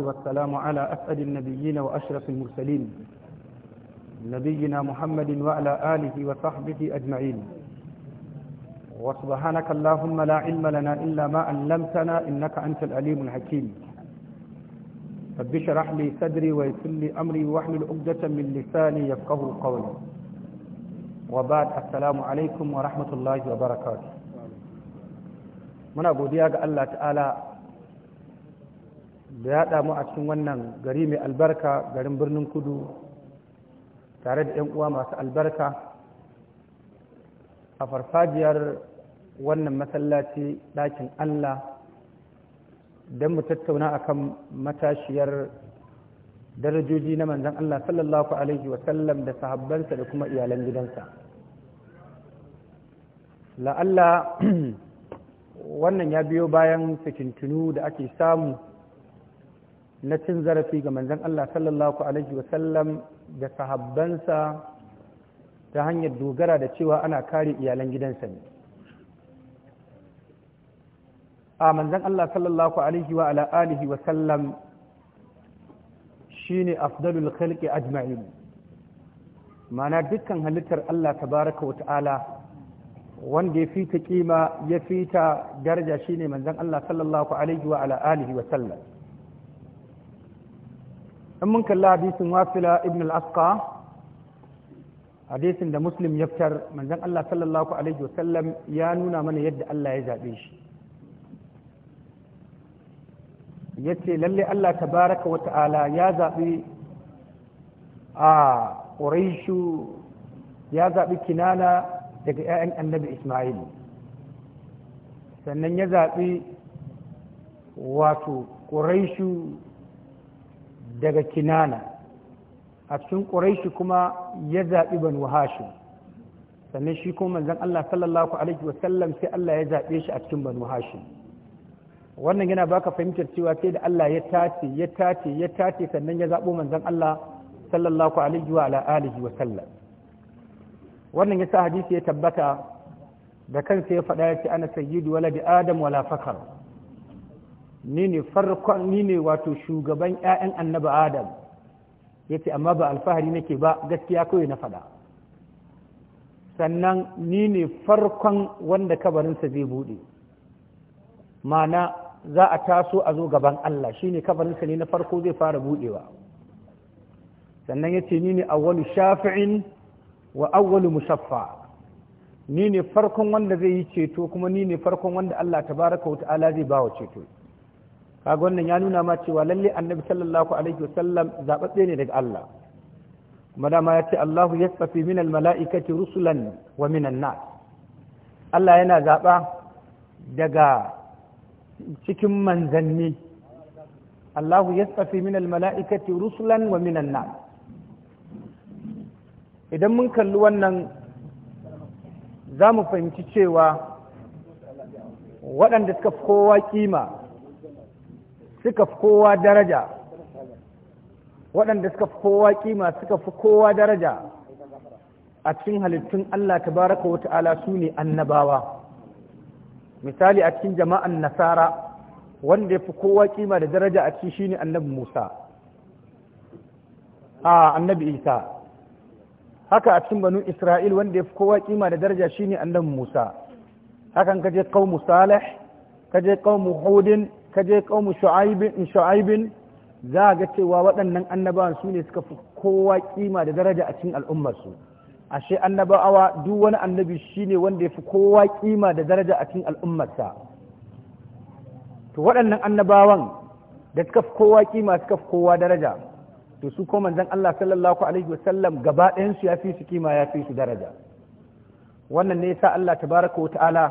والسلام على أسعد النبيين وأشرف المرسلين نبينا محمد وعلى آله وصحبه أجمعين وسبحانك اللهم لا علم لنا إلا ما علمتنا إنك أنت العليم الحكيم رب اشرح لي صدري ويسر لي أمري واحلل عقدة من لساني يفقه قولي وبعد السلام عليكم ورحمة الله وبركاته من أبو ga الله تعالى da ya damu a cikin wannan gari mai albarka garin birnin kudu tare da 'yan uwa masu albarka a farfajiyar wannan masallaci ɗakin allah don mu tattauna kan matashiyar darajoji na manzan allah sallallahu alaihi wasallam da sahabbansa da kuma iyalan gidansa la'alla wannan ya biyo bayan fitintunu da ake samu na cin zarafi ga manzon Allah sallallahu alaihi wasallam da sahabbansa ta hanyar dogara da cewa ana kare iyalan gidansa ne a manzon Allah sallallahu alaihi wa ala alihi wa sallam shine afdalul khalqi ajma'in mana dukkan halittar Allah tabaraka wa ta'ala wanda ya fita kima ya fita daraja shine manzon Allah sallallahu alaihi wa ala alihi wa sallam in mun kalli hadisin wasila ibn al-asqa hadisin da muslim ya fitar manzon Allah sallallahu alaihi wasallam ya nuna mana yadda Allah ya zabe shi yace lalle Allah tabaraka wa ta'ala ya zabi a quraishu ya zabi kinana daga ƴaƴan annabi Isma'il sannan ya zabi wato quraishu daga kinana a cikin ƙuraishi kuma ya zaɓi banu hashim sannan shi kuma manzon Allah sallallahu alaihi wasallam sai Allah ya zaɓe shi a cikin banu wannan yana baka fahimtar cewa sai da Allah ya tace ya tace ya tace sannan ya zaɓo manzon Allah sallallahu alaihi wa alihi wa sallam wannan yasa hadisi ya tabbata da kansa ya faɗa ya ce ana sayyidu waladi adam wala fakar ni ne farkon ni ne wato shugaban 'ya'yan annabi adam yace amma ba alfahari nake ba gaskiya kawai na faɗa sannan ni ne farkon wanda kabarinsa zai buɗe mana za a taso a zo gaban Allah shi ne kabarinsa ne na farko zai fara buɗewa sannan yace ni ne awwalu shafi'in wa awwalu musaffa, ni ne farkon wanda zai yi ceto kuma ni ne farkon wanda Allah tabaraka wa ta'ala zai bawa ceto kaga wannan ya nuna ma cewa lalle annabi sallallahu alaihi wasallam zabatse ne daga Allah kuma dama ya ce Allahu yasfi min almalaikati rusulan wa min annas Allah yana zaba daga cikin manzanni Allahu yasfi min almalaikati rusulan wa min annas idan mun kalli wannan za mu fahimci cewa waɗanda suka fi kowa kima suka fi kowa daraja waɗanda suka fi kowa kima suka fi kowa daraja a cikin halittun Allah Ta baraka wa ta'ala su ne annabawa misali a cikin jama'an nasara wanda ya fi kowa kima da daraja a cikin shine annabi Musa a annabi Isa haka a cikin banu Isra'il wanda ya fi kowa kima da daraja shine annabi Musa hakan kaje qaumu Salih kaje qaumu Hudin ka je kaumu shu'aibin za ga cewa waɗannan annabawan su ne suka fi kowa kima da daraja a cikin al'ummarsu ashe annabawa duk wani annabi shine wanda ya fi kowa kima da daraja a cikin al'ummarsa to waɗannan annabawan da suka fi kowa kima suka fi kowa daraja to su ko manzon Allah sallallahu alaihi wasallam gaba ɗayan su ya fi su kima ya fi su daraja wannan ne yasa Allah tabaraka wa ta'ala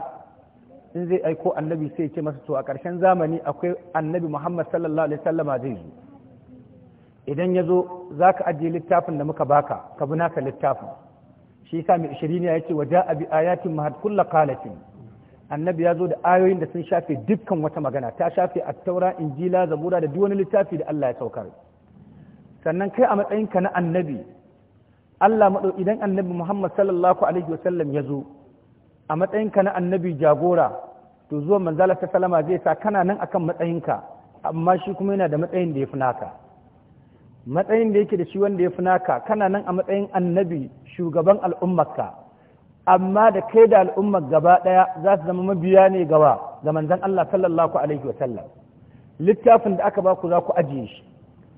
in zai aiko annabi sai ce masa to a ƙarshen zamani akwai annabi muhammad sallallahu alaihi wasallama zai zo idan ya zo za ka ajiye littafin da muka baka ka bi naka littafin shi yasa mai ishirin ya ce waje bi ayatin mahad kulla qalatin annabi ya zo da ayoyin da sun shafe dukkan wata magana ta shafe attaura injila zabura da duk wani littafi da Allah ya saukar sannan kai a matsayinka na annabi Allah maɗau idan annabi Muhammad sallallahu alaihi wasallam ya zo a matsayinka na annabi jagora to zuwa manzala ta salama zai sa kana nan akan matsayinka amma shi kuma yana da matsayin da ya fi naka matsayin da yake da shi wanda ya fi naka kana nan a matsayin annabi shugaban al'ummarka amma da kai da al'ummar gaba ɗaya za su zama mabiya ne gaba ga manzon Allah sallallahu alaihi wa sallam littafin da aka baku za ku ajiye shi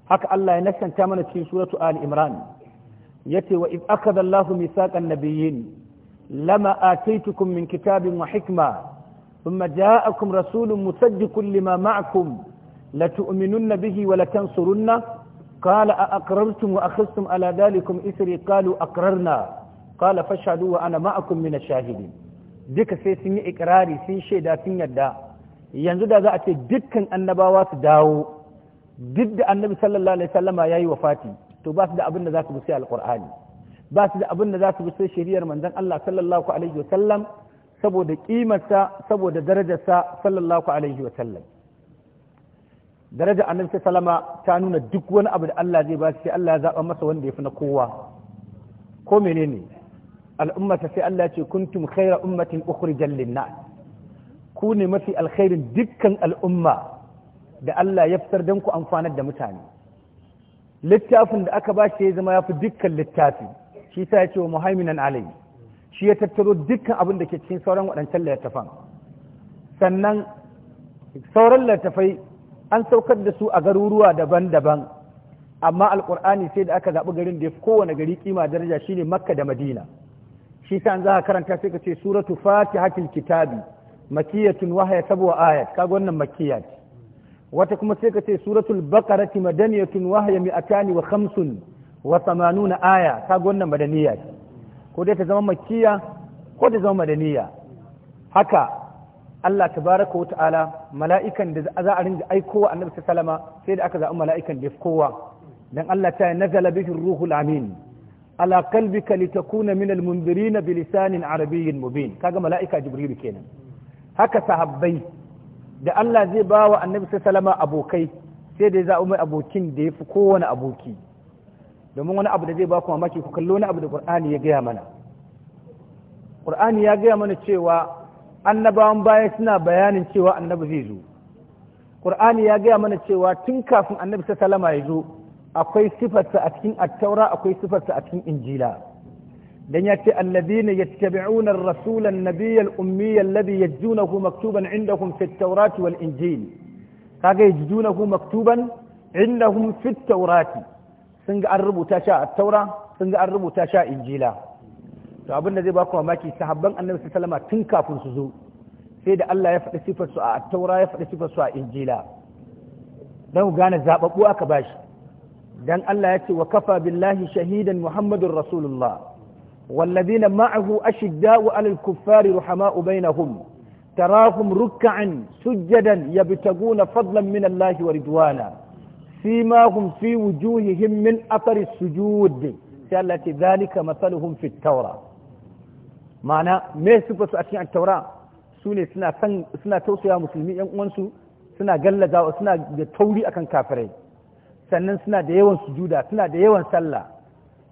haka Allah ya nasanta mana cikin suratu Ali Imran yace wa iz akhadha Allahu mithaqan nabiyyin lama ataytukum min kitabin wa hikma ثم جاءكم رسول مصدق لما معكم لتؤمنن به ولتنصرن قال أأقررتم وأخذتم على ذلكم إثري قالوا أقررنا قال فاشهدوا وأنا معكم من الشاهدين ديك سيسمي إقراري سيشي دا سي دا ينزل دا أتي ديك النبوات داو ضد النبي صلى الله عليه وسلم يا وفاتي تو باس دا أبن ذاك بسيء القرآن باس دا أبن ذاك بسيء شريير من ذن الله صلى الله عليه وسلم saboda ƙimarsa saboda darajarsa sallallahu alaihi wa sallam daraja annabi salama ta nuna duk wani abu da Allah zai ba shi Allah ya zaba masa wanda ya fi na kowa ko menene al'ummata sai Allah ce kuntum khaira ummatin ukhrijal linnas ku ne mafi alkhairin dukkan al'umma da Allah ya fitar don ku amfanar da mutane littafin da aka ba shi ya zama ya fi dukkan littafi shi sa ya ce wa muhaiminan alayhi shi ya tattaro dukkan abin da ke cikin sauran waɗancan littattafan sannan sauran littattafai an saukar da su a garuruwa daban-daban amma alkur'ani sai da aka zaɓi garin da ya fi kowane gari kima daraja shine makka da madina shi sa an za a karanta sai ka ce suratu fatihatil kitabi makiyatun wahaya sabuwa ayat kaga wannan makiya wata kuma sai ka ce suratul baqarati madaniyatun wahaya mi'atani wa khamsun wa samanuna aya kaga wannan madaniya ko dai ta zama makiya ko ta zama madaniya haka Allah tabaraka wa ta'ala mala'ikan da za a rinja aikowa annabi sallama sai da aka zaɓi mala'ikan da kowa dan Allah ta nazala bihi ruhul amin ala qalbika litakuna min al munzirin bi lisanin arabiyyin mubin kaga mala'ika jibril kenan haka sahabbai da Allah zai bawa annabi sallama abokai sai da ya zaɓi mai abokin da yafi kowane aboki domin wani abu da zai ba ku mamaki ku kallo wani abu da qur'ani ya gaya mana qur'ani ya gaya mana cewa annabawan baya suna bayanin cewa annabi zai zo qur'ani ya gaya mana cewa tun kafin annabi sallama ya zo akwai sifarsa a cikin attaura akwai sifarsa a cikin injila dan ya ce alladhina yattabi'una ar-rasula an-nabiyya al-ummiyya alladhi yajidunahu maktuban indakum fi at-taurati wal-injil kaga yajidunahu maktuban 'indahum fi at-taurati sun ga an rubuta shi a taura sun ga an rubuta shi a injila to abin da zai ku mamaki sahabban annabi sallama tun kafin su zo sai da Allah ya faɗi sifar su a taura ya faɗi sifar su a injila dan gane zababbu aka bashi dan Allah ya ce wa kafa billahi shahidan muhammadur rasulullah والذين معه أشداء على الكفار رحماء بينهم تراهم ركعا سجدا يبتغون فضلا من الله ورضوانا سيماهم في وجوههم من أثر السجود التي ذلك مثلهم في التوراة معنى ما يسبس أشياء التوراة سوني سنة, سنة توسيا مسلمين وانسو suna gallazawa suna da tauri akan kafirai sannan suna da yawan sujuda suna da yawan sallah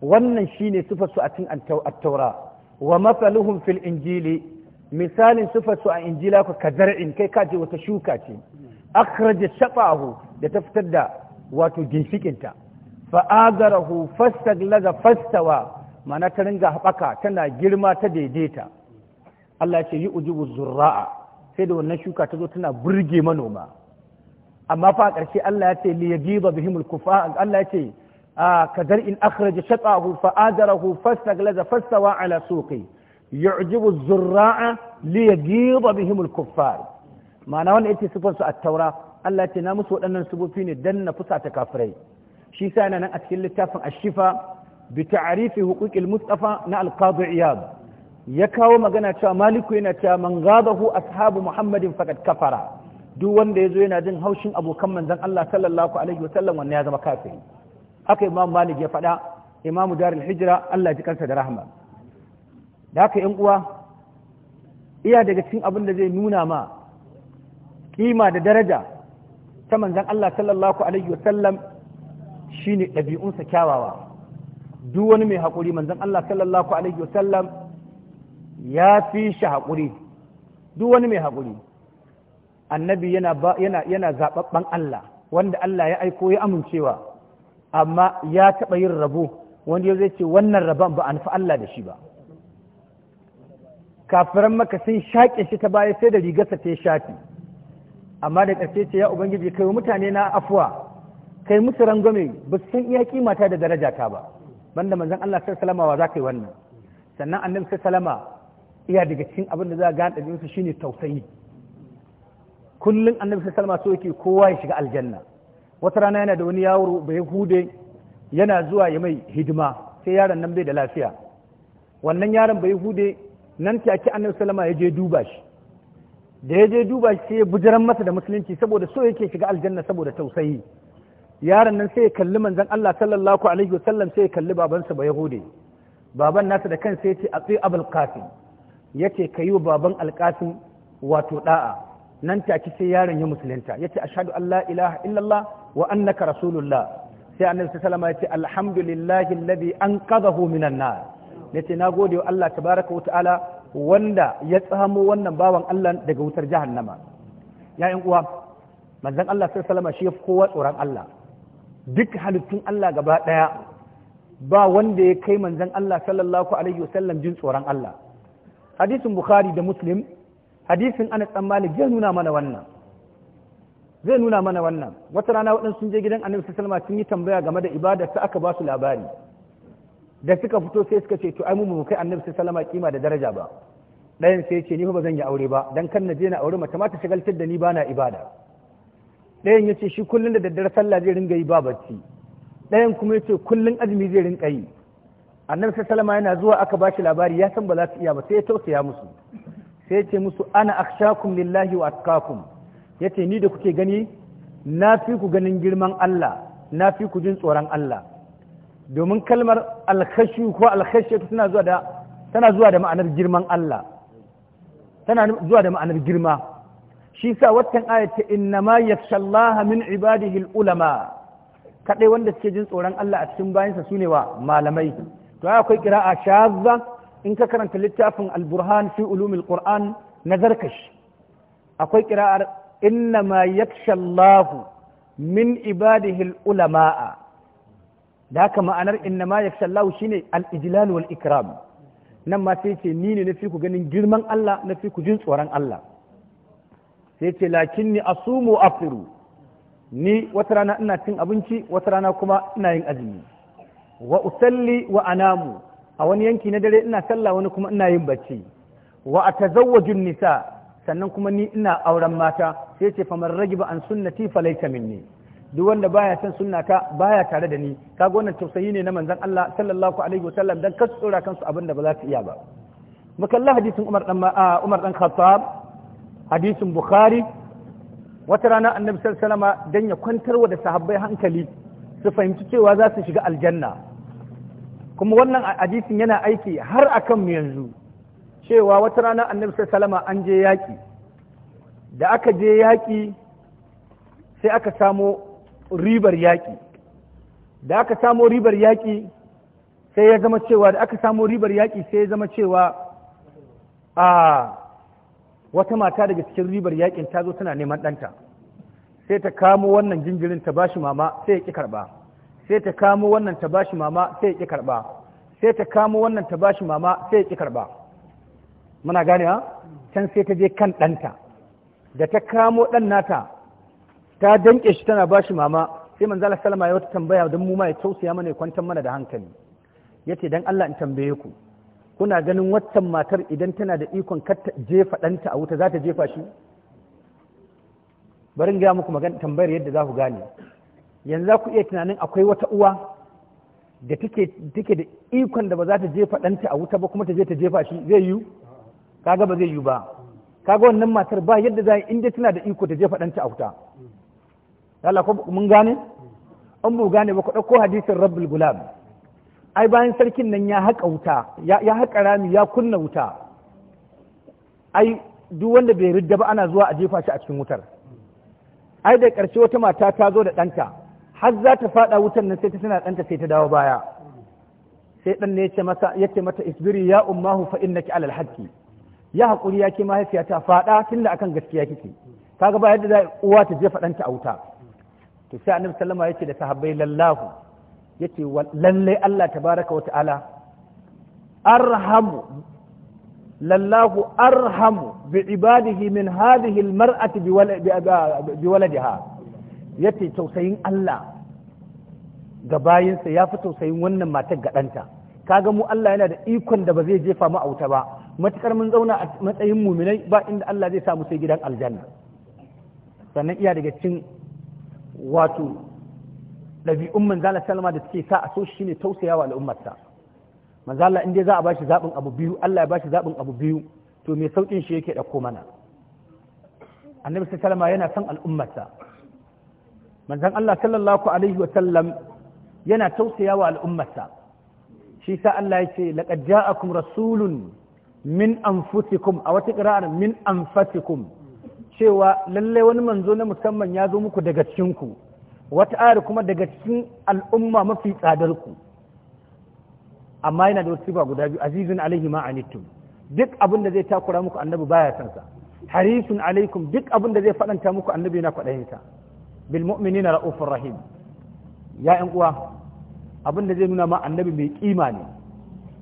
wannan shine sifar su a cikin at wa masaluhum fil injili misalin sufarsu a injila ku in kai kaci, wata shuka ce akhraja shaqahu da ta fitar da wato ginshikinta fa'agarahu fastaglaga fastawa mana ta ringa haɓaka tana girma ta daidaita Allah ce yi ujubu zurra'a sai da wannan shuka ta zo tana burge manoma amma fa ƙarshe Allah ya ce li yajiba bihimul kufa Allah ya ce kadar in akhraja shaqahu fa'adarahu fastaglaza fastawa ala suqi yu'jibu zurra'a liyagiba yajiba bihimul kuffar ma'ana wannan ita sifar su at-taura Allah ce na musu waɗannan subufi ne dan na fusata kafirai shi sa yana nan a cikin littafin ashifa bi ta'rifi huquqil mustafa na al-qadi iyad ya kawo magana cewa maliku yana cewa man ghadahu ashabu muhammadin faqad kafara duk wanda yazo yana jin haushin abokan manzon Allah sallallahu alaihi wa sallam wannan ya zama kafiri haka imam malik ya faɗa imamu darul hijra Allah ji kansa da rahama da haka yan uwa iya daga cikin abin da zai nuna ma kima da daraja ta manzan Allah sallallahu alaihi wasallam shine ɗabi'unsa kyawawa duk wani mai haƙuri manzan Allah sallallahu alaihi wasallam ya fi shi haƙuri duk wani mai haƙuri annabi yana yana yana zaɓaɓɓen Allah wanda Allah ya aiko ya amincewa amma ya taɓa yin rabo wanda zai ce wannan rabon ba an fi Allah da shi ba kafiran maka sun shaƙe shi ta baya sai da rigarsa ta shafi amma da ƙarshe ce ya ubangiji kai mutane na afuwa kai musu rangwame ba san iya ta da daraja ta ba banda manzon Allah sai salama wa za wannan sannan annabi sai salama iya daga cikin abin da za ga da su shine tausayi kullum annabi sai salama so yake kowa ya shiga aljanna wata rana yana da wani yaro bai hude yana zuwa ya mai hidima sai yaron nan bai da lafiya wannan yaron bai hude nan take annabi salama ya je duba shi da ya je duba shi sai bujiran masa da musulunci saboda so yake shiga aljanna saboda tausayi yaron nan sai ya kalli manzon Allah sallallahu alaihi wa sallam sai ya kalli babansa ba yahude baban nasa da kansa yace atsi abul qasim yace kayi baban alqasim wato da'a nan take sai yaron ya musulunta yace ashhadu an la ilaha illallah wa annaka rasulullah sai annabi sallallahu alaihi sallam yace alhamdulillahi alladhi anqadhahu minan nar yace nagode wa Allah tabaraka wa ta'ala wanda ya tsamo wannan bawan Allah daga wutar jahannama ya'yan uwa manzon Allah sai salama shi kowa tsoron Allah duk halittun Allah gaba daya ba wanda ya kai manzon Allah sallallahu alaihi wasallam jin tsoron Allah hadisin bukhari da muslim hadisin anas dan malik zai nuna mana wannan zai nuna mana wannan wata rana waɗansu sun je gidan annabi sallallahu alaihi wasallam sun yi tambaya game da ibada sai aka ba su labari da suka fito sai suka ce to ai mu mu kai annabi salama kima da daraja ba ɗayan sai ce ni ba zan yi aure ba dan kan na je na aure mata ma shagaltar da ni ba na ibada ɗayan ya ce shi kullum da daddare sallah zai ringa yi ba bacci ɗayan kuma ya ce kullum azumi zai ringa yi annabi salama yana zuwa aka ba shi labari ya san ba za su iya ba sai ya tausaya musu sai ya ce musu ana akhshakum lillahi wa atqakum yace ni da kuke gani na fi ku ganin girman Allah na fi ku jin tsoron Allah domin kalmar alkashi ko alkashi tana zuwa da tana zuwa da ma'anar girman Allah tana zuwa da ma'anar girma shi sa watan ayat ta inna ma min ibadihi ulama kadai wanda suke jin tsoron Allah a cikin bayansa sune wa malamai to akwai qira'a shazza in ka karanta littafin al-burhan fi ulumil qur'an nazarkash akwai qira'ar inna ma yakhshallahu min ibadihi ulama'a da haka ma'anar inna ma ya sallahu shine al al’ijilal wal ikram nan ma sai ce ni ne na fi ku ganin girman Allah na fi ku jin tsoron Allah sai ce lakin lakinni asumu afiru ni wata rana ina cin abinci wata rana kuma ina yin azumi wa usalli wa anamu a wani yanki na dare ina sallah wani kuma ina yin bacci wa atazawwajun nisa sannan kuma ni ina auren mata sai ce famar ragiba an sunnati falaita minni duk wanda baya san sunna ka baya tare da ni kaga wannan tausayi ne na manzon Allah sallallahu alaihi wasallam dan kasu tsora kansu abin da ba za su iya ba mukalla hadisin Umar dan ah, Umar dan Khattab hadisin Bukhari wata rana annabi sallallahu alaihi wasallam dan ya kwantarwa da sahabbai hankali su fahimci cewa za su shiga aljanna kuma wannan hadisin yana aiki har akan mu yanzu cewa wata rana annabi sallallahu alaihi an je yaki da aka je yaki sai aka samo ribar yaƙi da aka samo ribar yaƙi sai ya zama cewa da aka samo ribar yaƙi sai ya zama cewa a wata mata daga cikin ribar yaƙin ta zo tana neman ɗanta sai ta kamo wannan jinjirin ta bashi mama sai ya ƙi karɓa sai ta kamo wannan ta bashi mama sai ya ƙi karɓa sai ta kamo wannan ta bashi mama sai ya ƙi karɓa muna gane ha can sai ta je kan ɗanta da ta kamo ɗan nata ta danke shi tana bashi mama sai manzo Allah sallama ya wata tambaya don mu ma ya tausaya mana ya kwantar mana da hankali yace dan Allah in tambaye ku kuna ganin waccan matar idan tana da ikon katta jefa ɗanta a wuta za ta jefa shi bari in gaya muku magan tambayar yadda za ku gane yanzu za ku iya tunanin akwai wata uwa da take da ikon da ba za ta jefa ɗanta a wuta ba kuma ta je ta jefa shi zai yiwu kaga ba zai yiwu ba kaga wannan matar ba yadda za yi inda tana da iko ta jefa ɗanta a wuta Allah ko mun gane an bu gane ba ku ɗauko hadisin rabbul gulam ai bayan sarkin nan ya haƙa wuta ya haƙa rami ya kunna wuta ai duk wanda bai ridda ba ana zuwa a jefa shi a cikin wutar ai da ƙarshe wata mata ta zo da ɗanta har za ta faɗa wutar nan sai ta tana ɗanta sai ta dawo baya sai ɗan ne yace masa mata isbiri ya ummahu fa innaki alal haqqi ya haƙuri ya ke ta faɗa tunda akan gaskiya kike kaga ba yadda za uwa ta jefa ɗanta a wuta to sai annabi sallama yace da sahabbai lallahu yace lalle Allah tabaraka wa ta'ala arhamu lallahu arhamu bi ibadihi min hadhihi almar'ati bi waladiha yace tausayin Allah ga bayinsa ya fi tausayin wannan matar ga ɗanta kaga mu Allah yana da ikon da ba zai jefa mu auta ba matukar mun zauna a matsayin muminai ba inda Allah zai sa mu sai gidan aljanna sannan iya daga cikin wato ɗabi'un manzala salama da suke sa a so shi ne tausayawa al'ummarsa manzala in dai za a bashi zaɓin abu biyu Allah ya bashi zaɓin abu biyu to mai sauƙin shi yake ɗauko mana annabi salama yana son al'ummarsa manzan Allah sallallahu alaihi wa sallam yana tausayawa al'ummarsa shi sa Allah ya ce laqad ja'akum rasulun min anfusikum a wata qira'ar min anfasikum cewa lallai wani manzo na musamman ya zo muku daga ku wata ayar kuma daga cikin al'umma mafi tsadar ku amma yana da wasu guda biyu azizun alaihi ma anittum duk abin da zai takura muku annabi baya san sa harisun alaikum duk abin da zai faɗanta muku annabi yana kwaɗayin sa bil mu'minina ra'ufur rahim ya ƴan uwa abin da zai nuna ma annabi mai kima ne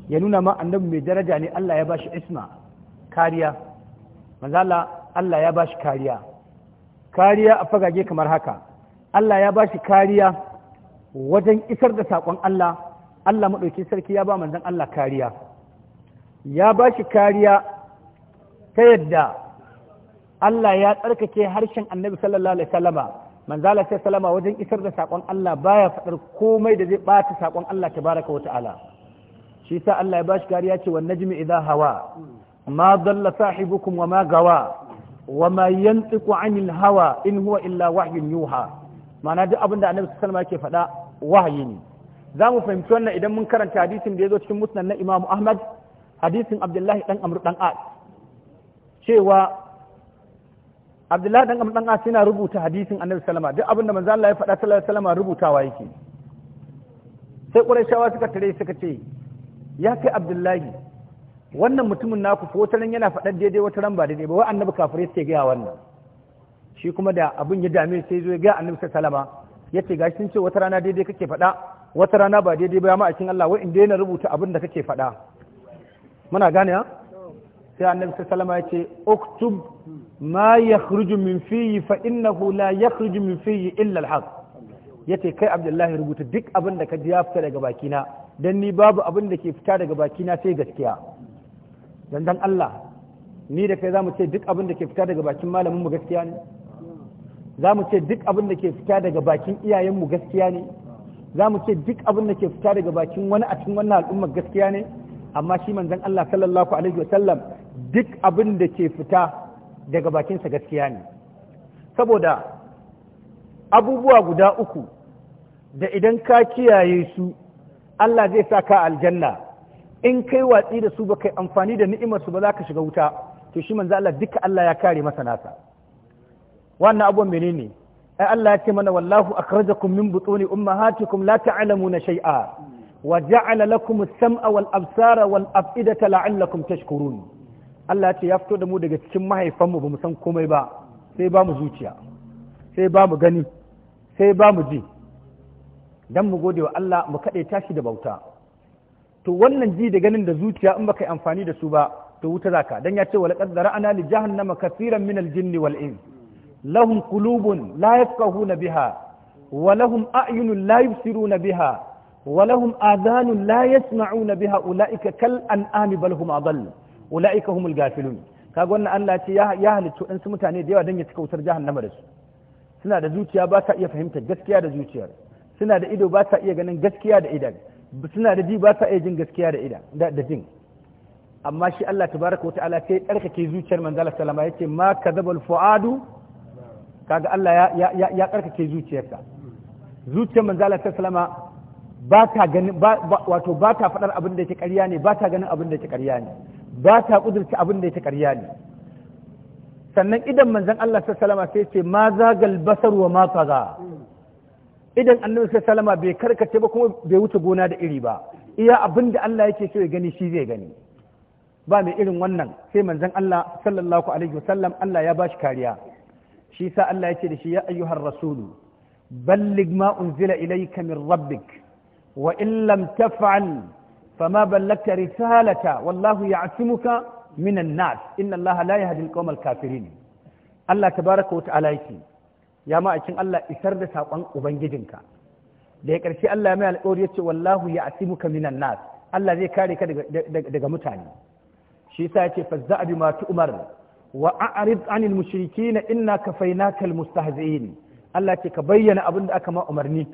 ya nuna ma annabi mai daraja ne Allah ya bashi isma kariya manzala Allah ya shi kariya kariya a fagage kamar haka Allah ya shi kariya wajen isar da saƙon Allah Allah maɗauki sarki ya ba manzon Allah kariya ya shi kariya ta yadda Allah ya tsarkake harshen annabi sallallahu alaihi wasallama manzala sai salama wajen isar da saƙon Allah baya faɗar komai da zai ɓata saƙon Allah tabaraka wa ta'ala shi sa Allah ya bashi kariya ce wan najmi idha hawa ma dalla sahibukum wa ma gawa wa ma yantiqu anil hawa in huwa illa wahyun yuha ma'ana duk abin da annabi sallallahu alaihi wasallam yake faɗa wahayi ne za mu fahimci wannan idan mun karanta hadisin da ya zo cikin musnad na Imam Ahmad hadisin Abdullahi dan Amr dan As cewa Abdullahi dan Amr dan As yana rubuta hadisin Annabi wasallam duk abin da manzo Allah ya faɗa sallallahu alaihi wasallam rubutawa yake sai Quraishawa suka tare suka ce ya kai Abdullahi wannan mutumin naku ko wata yana faɗar daidai wata ran ba daidai ba wai annabi kafirai suke gaya wannan shi kuma da abin ya dame sai zo ya ga annabi ya yace gashi sun ce wata rana daidai kake faɗa wata rana ba daidai ba ma a cikin Allah wai in daina rubuta abin da kake faɗa muna gane ha sai annabi ya ce uktub ma yakhruju min fihi fa innahu la yakhruju min fihi illa al yace kai Abdullahi rubuta duk abin da ka ji ya fita daga bakina dan ni babu abin da ke fita daga bakina sai gaskiya dan dan Allah ni da kai zamu ce duk abin da ke fita daga bakin malamin mu gaskiya ne zamu ce duk abin da ke fita daga bakin iyayen mu gaskiya ne zamu ce duk abin da ke fita daga bakin wani a cikin wannan al'ummar gaskiya ne amma shi manzon Allah sallallahu alaihi sallam duk abin da ke fita daga bakinsa gaskiya ne saboda abubuwa guda uku da idan ka kiyaye su Allah zai sa ka aljanna in kai watsi da su ba kai amfani da ni'imar su ba za ka shiga wuta to shi manzo Allah duka Allah ya kare masa nasa wannan abun menene ai Allah ya ce mana wallahu akhrajakum min butuni ummahatikum la ta'lamuna shay'a wa ja'ala lakum as-sam'a wal absara wal af'idata la'allakum tashkurun Allah ya ce ya fito da mu daga cikin mahaifanmu ba mu san komai ba sai ba mu zuciya sai ba mu gani sai ba mu ji dan mu gode wa Allah mu kade tashi da bauta to wannan ji da ganin da zuciya in baka yi amfani da su ba to wuta zaka dan ya ce wa laqad zara'na li jahannama kaseeran min al-jinni wal in lahum qulubun la yafqahuna biha wa lahum a'yunun la yubsiruna biha wa lahum adhanun la yasma'una biha ulaika kal an'ami bal hum adall ulaika humul ghafilun kaga wannan Allah ce ya halicci in su mutane da yawa dan ya cika wutar jahannama da su suna da zuciya ba ta iya fahimtar gaskiya da zuciyar suna da ido ba ta iya ganin gaskiya da idan suna da ji ba sa iya jin gaskiya da ida da jin amma shi Allah tabaraka wata'ala sai ke zuciyar manzala salama ya ce ma ka zabal fu'adu kaga Allah ya ke zuciyarsa zuciyar manzala salama ba ta ganin wato ba ta faɗar abin da yake ƙarya ne ba ta ganin abin da yake ƙarya ne ba ta ƙudurci abin da yake ƙarya ne sannan idan manzan Allah salama sai ce ma zagal basar wa ma faga idan annabi salama bai karkace ba kuma bai wuce gona da iri ba iya abin da Allah yake so ya gani shi zai gani ba mai irin wannan sai manzon Allah sallallahu alaihi wasallam Allah ya bashi kariya shi sa Allah yake da shi ya ayyuhar rasulu balligh ma unzila ilayka min rabbik wa in lam taf'al fama ballagta risalata wallahu ya'timuka minan nas inna Allah la yahdi al-qawma al-kafirin Allah tabaaraka wa ta'ala yake ya ma'aikin Allah isar da saƙon ubangijinka da ya ƙarshe Allah ya mai alƙawari ya ce wallahu ya asimuka minan nas Allah zai kare ka daga mutane shi yasa ya ce fazza bi ma umar wa a'rid anil mushrikin inna kafainakal mustahzi'in Allah ce ka bayyana abin da aka ma umarni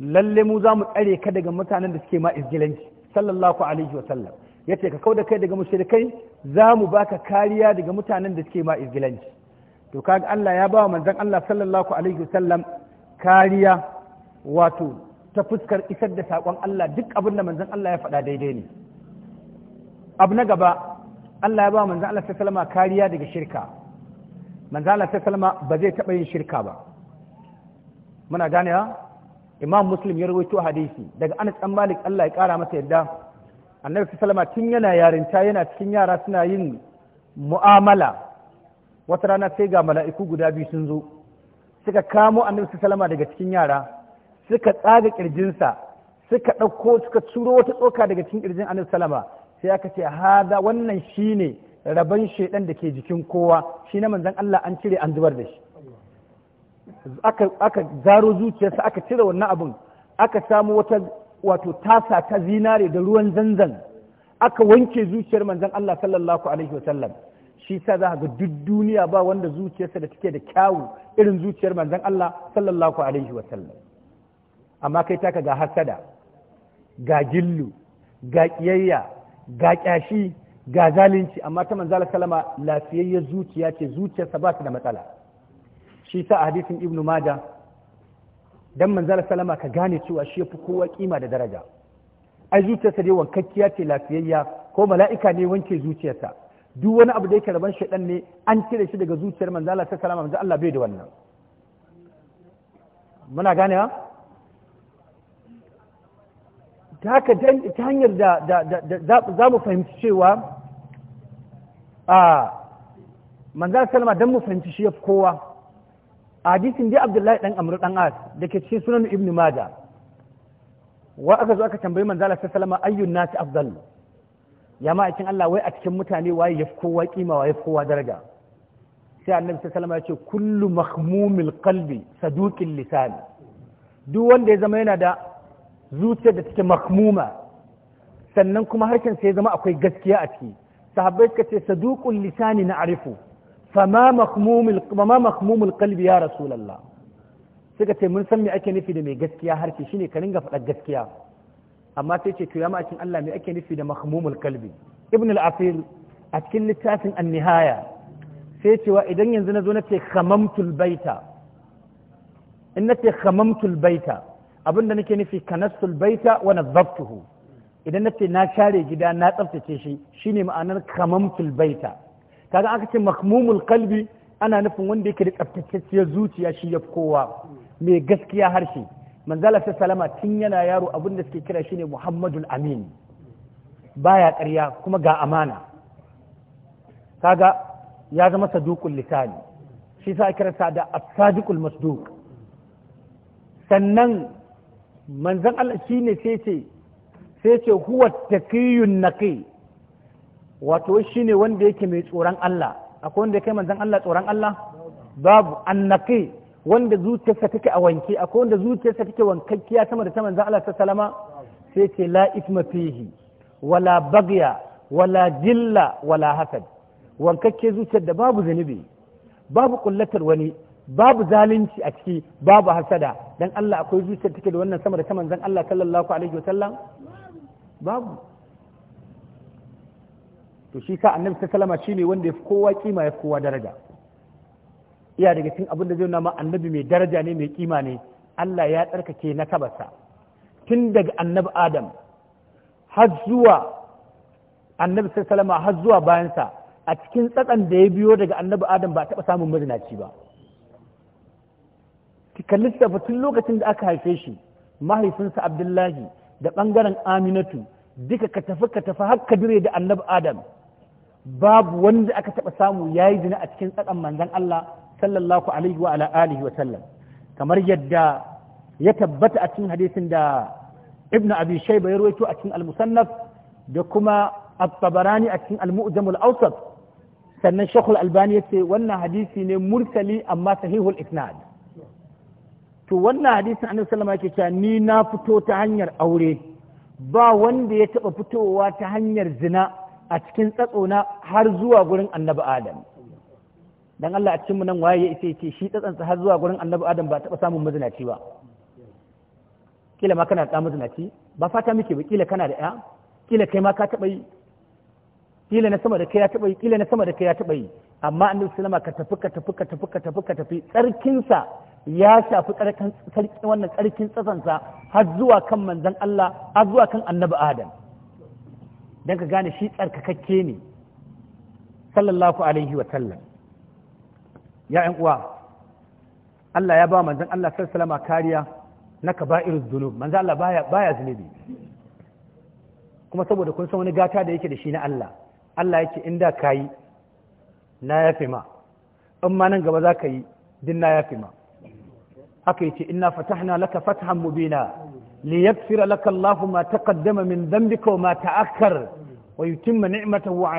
lalle mu za mu tsare ka daga mutanen da suke ma izgilanci sallallahu alaihi wa sallam yace ka kauda kai daga mushrikai za mu baka kariya daga mutanen da suke ma izgilanci to kaga Allah ya ba wa manzon Allah sallallahu alaihi wasallam kariya wato ta fuskar isar da sakon Allah duk abin da manzon Allah ya faɗa daidai ne abu na gaba Allah ya ba manzon Allah sallallahu alaihi kariya daga shirka manzon Allah sallallahu ba zai taɓa yin shirka ba muna ganewa imam muslim ya rawaito hadisi daga anas dan malik Allah ya kara masa yadda annabi sallallahu alaihi tun yana yarinta yana cikin yara suna yin mu'amala wata rana sai ga mala'iku guda biyu sun zo suka kamo annabi Salama daga cikin yara suka tsaga kirjinsa suka ɗauko suka turo wata tsoka daga cikin ƙirjin annabi Salama sai aka ce hada wannan shine rabon shaidan da ke jikin kowa shi na manzan Allah an cire an zubar da shi aka zaro zuciyarsa aka cire wannan abun aka samu wata wato tasa ta zinare da ruwan zanzan aka wanke zuciyar manzon Allah sallallahu alaihi sallam. shi sa za ga duk duniya ba wanda zuciyarsa da take da kyawu irin zuciyar manzon Allah sallallahu alaihi wa sallam amma kai taka ga hasada ga gillu ga kiyayya ga kyashi ga zalunci amma ta Allah salama lafiyayyar zuciya ce zuciyarsa ba ta da matsala shi sa a hadisin ibnu majah dan Allah salama ka gane cewa shi yafi kowa kima da daraja ai zuciyarsa dai wankakkiya ce lafiyayya ko mala'ika ne wanke zuciyarsa duk wani abu da yake rabon shaidan ne an cire shi daga zuciyar manzo Allah ta salama manzo Allah bai da wannan muna gane ha ta haka ta hanyar da za mu fahimci cewa a manzo salama dan mu fahimci shi yafi kowa hadisin dai Abdullahi dan Amr dan As da ke cikin sunan Ibn Majah wa aka zo aka tambayi manzo Allah sallallahu alaihi wasallam ayyun nasi afdalu ya ma'aikin Allah wai a cikin mutane waye yafi kowa kima waye kowa daraja sai annabi sallallahu alaihi ya ce kullu mahmumil qalbi saduqil lisan duk wanda ya zama yana da zuciyar da take mahmuma sannan kuma harshen sai ya zama akwai gaskiya a ciki sahabbai suka ce saduqul lisani na arifu fama mahmumil fama mahmumul qalbi ya rasulullah suka ce mun san me ake nufi da mai gaskiya harshe shine ka ringa faɗa gaskiya amma sai ce to ya Allah me ake nufi da mahmumul kalbi ibn al-afir a cikin littafin an-nihaya sai cewa idan yanzu nazo nace na khamamtul baita in nace khamamtul baita abinda nake nufi kanastul baita wa nadhabtuhu idan nace na share gida na tsaftace shi shine ma'anar khamamtul baita kaga aka ce mahmumul kalbi ana nufin wanda yake da tsaftatacciyar zuciya shi ya kowa mai gaskiya harshe manzala sai salama tun yana yaro abin da suke kira shi ne muhammadul amin baya karya kuma ga amana kaga ya zama sadukul lisani shi sa kira da asadukul masduk sannan manzan Allah shine sai ce sai ce huwa takiyun naqi wato shine wanda yake mai tsoron Allah akwai wanda kai manzan Allah tsoron Allah babu annaqi wanda zuciyarsa take a wanke akwai wanda zuciyarsa take wankakkiya sama da ta manzo Allah salama sai ce la isma fihi wala bagya wala jilla wala hasad wankakke zuciyar da babu zanubi babu kullatar wani babu zalunci a ciki babu hasada dan Allah akwai zuciyar take da wannan sama da ta manzo Allah sallallahu alaihi wasallam babu to shi ka annabi shi shine wanda ya fi kowa kima ya fi kowa daraja iya daga cikin abin da zai nama annabi mai daraja ne mai kima ne Allah ya tsarkake na kabarsa tun daga annabi Adam har zuwa annabi sallama har zuwa bayansa a cikin tsatsan da ya biyo daga annabi Adam ba a taɓa samun mazinaci ba kallista ba tun lokacin da aka haife shi mahaifinsa Abdullahi da bangaren Aminatu duka ka tafi ka tafi har ka dire da annabi Adam babu wanda aka taɓa samu ya yi zina a cikin tsakan manzan Allah sallallahu alaihi wa ala alihi wa sallam kamar yadda ya tabbata a cikin hadisin da ibn abi shayba ya rawaito a cikin al-musannaf da kuma at-tabarani a cikin al-mu'jam al-awsat sannan shaykh al-albani yace wannan hadisi ne mursali amma sahihul isnad to wannan hadisin annabi sallallahu alaihi yake cewa ni na fito ta hanyar aure ba wanda ya taba fitowa ta hanyar zina a cikin tsatsona har zuwa gurin annabi adam dan Allah a cikin mu nan waye ya yace shi tsantsa har zuwa gurin annabi adam ba taɓa samun mazinaci ba kila ma kana da mazinaci ba fata muke ba kila kana da ya kila kai ma ka taɓa yi kila na sama da kai ya taɓa yi kila na sama da kai ya taɓa yi amma annabi sallama ka tafi ka tafi ka tafi ka tafi ka tafi tsarkinsa ya shafi tsarkin wannan tsarkin tsatsansa har zuwa kan manzon Allah har zuwa kan annabi adam dan ka gane shi tsarkakakke ne sallallahu alaihi wa sallam ya yan uwa Allah ya ba Manzan Allah sallallahu kariya na kaba'irud dhunub Manzan Allah ba ya zunubi kuma saboda kun san wani gata da yake da shi na Allah Allah yake in da kayi na yafe ma in ma nan gaba za ka yi din na yafe ma haka yace inna fatahna laka fathan mubina ليغفر لك الله ما تقدم من ذنبك وما تأخر ويتم نعمته wa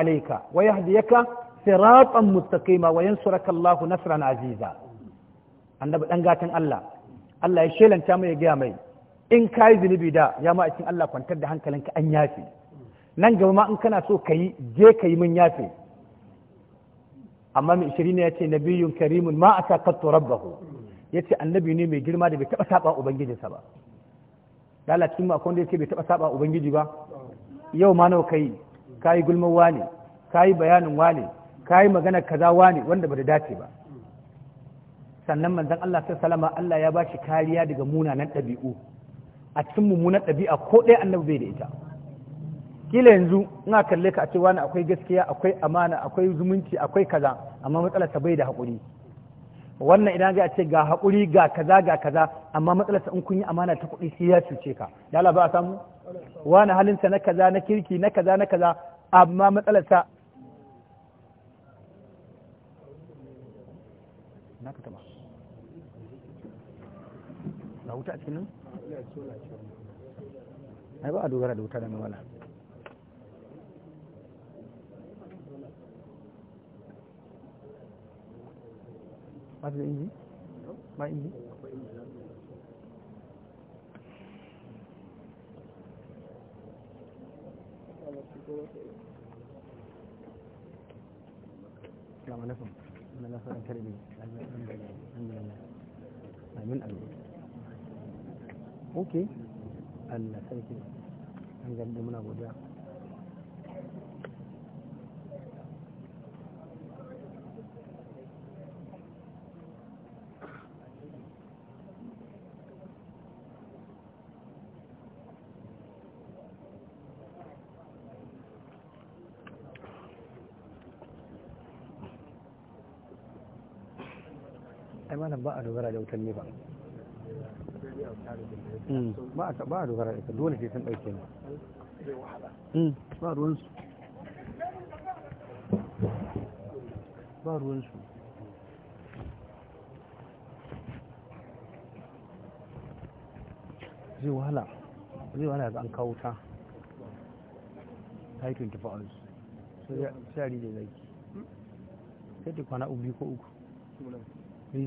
ويهديك siratan mustaqima wa yansuraka Allah nasran aziza annabi dan gatan Allah Allah ya shelanta mai ya gaya mai in kai zunubi da ya ma cikin Allah kwantar da hankalinka an yafe nan gaba ma in kana so ka yi je ka yi mun yafe amma mai ishirin ya ce nabiyun karimun ma aka kattu rabbahu ya ce annabi ne mai girma da bai taɓa saba ubangijinsa ba lala cikin ma wanda ce bai taba saba ubangiji ba yau ma nawa ka yi gulma wane ka bayanin wale. ka yi magana kaza ne wanda ba da dace ba sannan manzon Allah sai salama Allah ya ba bashi kariya daga munanan ɗabi'u a cikin mummunan ɗabi'a ko ɗaya annabi bai da ita kila yanzu ina kalle ka a ce wani akwai gaskiya akwai amana akwai zumunci akwai kaza amma ta bai da haƙuri wannan idan ga ce ga haƙuri ga kaza ga kaza amma matsalarsa in kun yi amana ta kuɗi sai ya cuce ka da ba a samu wani halinsa na kaza na kirki na kaza na kaza amma matsalarsa na ka taba na wuta a cikin nan? ai ba a dogara da wuta da mawala ba su da inji? ba inji? Assalamu alaikum. amin ok Allah muna godiya ba a dogara da wutan nefa hmm, ba a dogara da ita dole sai sun ɗauke ne hmm, ba ruwansu ba ruwansu zai wahala zai wahala ga an kawo ta haifin tafi a wasu sai a rijiyar zaki sai ta kwana ubi ko uku a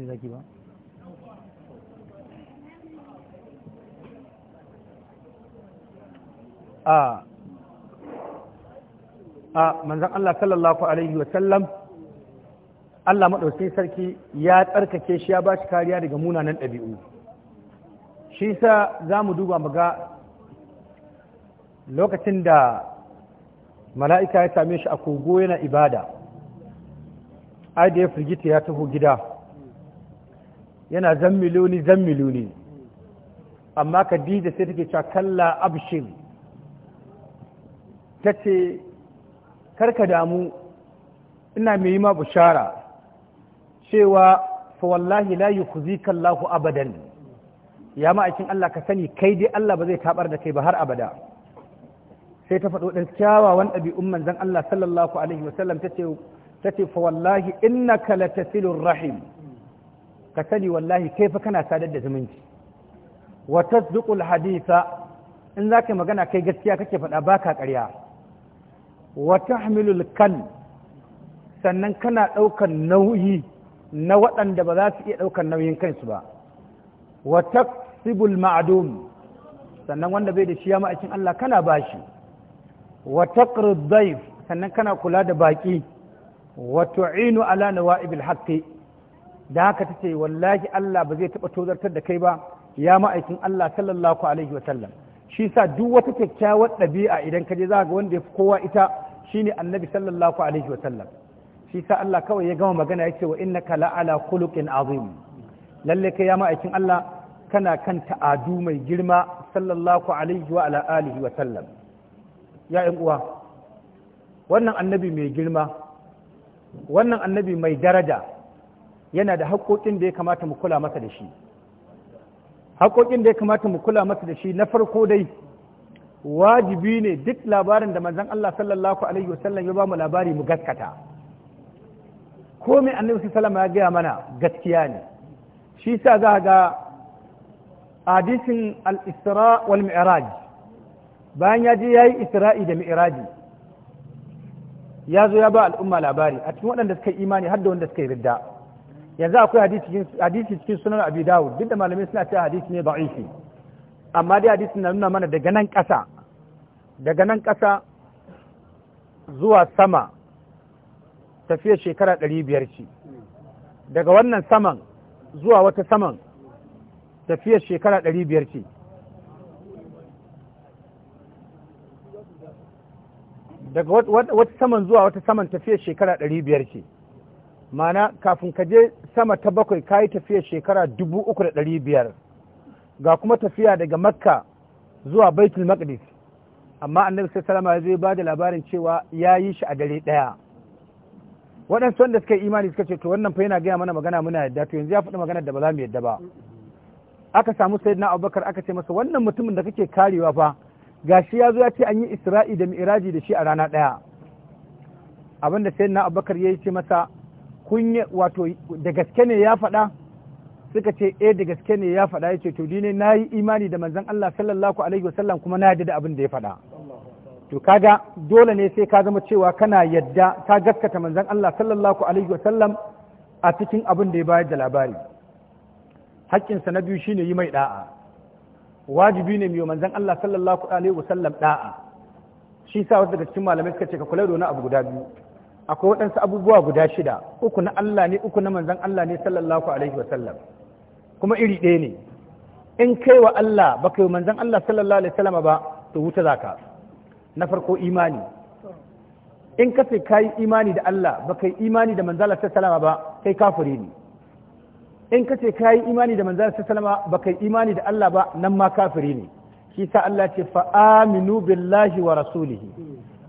manzan Allah sallallahu alaihi wa sallam Allah maɗauki sarki ya tsarkake shi ya ba shi kariya daga munanan ɗabi'u shi sa za mu duba mu ga lokacin da mala'ika ya same shi a kogo yana ibada ai da ya firgita ya taho gida yana zan miloni zan amma khadija sai take cewa kalla abshir ta ce karka damu ina mai yi ma bishara cewa fa wallahi la yukhzika Allahu abadan ya ma'aikin Allah ka sani kai dai Allah ba zai tabar da kai ba har abada sai ta faɗo ɗan kyawawan ɗabi'un manzon Allah sallallahu alaihi wasallam ta ce fa wallahi innaka latasilur rahim ka sani wallahi kai fa kana sadar da zumunci wa tasdiqul haditha in zaka magana kai gaskiya kake faɗa baka ƙarya wa tahmilul kal sannan kana ɗaukar nauyi na waɗanda ba za su iya ɗaukan nauyin kansu ba wa taksibul ma'dum sannan wanda bai da shi ya ma'aikin Allah kana bashi wa taqrid sannan kana kula da baki wa tu'inu ala nawa'ibil haqqi da haka ta ce wallahi Allah ba zai taɓa tozartar da kai ba ya ma'aikin Allah sallallahu alaihi wa sallam shi sa duk wata kyakkyawar ɗabi'a idan ka je za ga wanda ya fi kowa ita shine annabi sallallahu alaihi wa sallam shi sa Allah kawai ya gama magana ya ce wa innaka la'ala khuluqin azim lalle kai ya ma'aikin Allah kana kan ta'adu mai girma sallallahu alaihi wa ala alihi wa sallam ya ƴan uwa wannan annabi mai girma wannan annabi mai daraja yana da haƙoƙin da ya kamata mu kula masa da shi haƙoƙin da ya kamata mu kula masa da shi na farko dai wajibi ne duk labarin da manzon Allah sallallahu alaihi wasallam ya ba mu labari mu gaskata ko mai annabi sallallahu ya gaya mana gaskiya ne shi sa za ga hadisin al-isra wal mi'raj bayan ya je yayi isra'i da mi'raji ya zo ya ba al'umma labari a cikin waɗanda suka yi imani har da wanda suka yi ridda yanzu akwai hadisi cikin sunan abi dawud duk da malamai suna cewa hadisi ne da'ifi amma dai hadisi na nuna mana daga nan ƙasa daga nan ƙasa zuwa sama tafiyar shekara ɗari biyar ce daga wannan saman zuwa wata saman tafiyar shekara ɗari biyar ce daga wata saman zuwa wata saman tafiyar shekara ɗari biyar ce mana kafin ka je sama ta bakwai ka yi tafiyar shekara dubu uku da ɗari biyar ga kuma tafiya daga makka zuwa baitul maqdis amma annabi sai salama ya zai ba da labarin cewa ya yi shi a dare ɗaya waɗansu wanda suka yi imani suka ce to wannan fa yana gaya mana magana muna yadda to yanzu ya faɗi magana da ba za mu yadda ba aka samu sayyidina abubakar aka ce masa wannan mutumin da kake karewa fa gashi ya zo ya ce an yi isra'i da mi'raji da shi a rana ɗaya abin da sayyidina abubakar ya yi ce masa kun wato da gaske ne ya faɗa suka ce eh da gaske ne ya faɗa ya ce to ne na yi imani da manzon Allah sallallahu alaihi wasallam kuma na yadda da abin da ya faɗa to kaga dole ne sai ka zama cewa kana yadda ka gaskata manzon Allah sallallahu alaihi wasallam a cikin abin da ya bayar da labari sa na biyu shine yi mai da'a wajibi ne mai manzon Allah sallallahu alaihi wasallam da'a shi sa wasu daga cikin malamai suka ce ka kula da wani abu guda biyu akwai waɗansu abubuwa guda shida uku na Allah ne uku na manzan Allah ne sallallahu alaihi wasallam kuma iri ɗaya ne in kai wa Allah ba kai manzan Allah sallallahu alaihi wasallam ba to wuta zaka na farko imani in ka ce kai imani da Allah ba kai imani da manzan Allah sallallahu ba kai kafiri ne in ka ce kai imani da manzan Allah sallallahu ba kai imani da Allah ba nan ma kafiri ne shi sa Allah ce fa aminu billahi wa rasulihi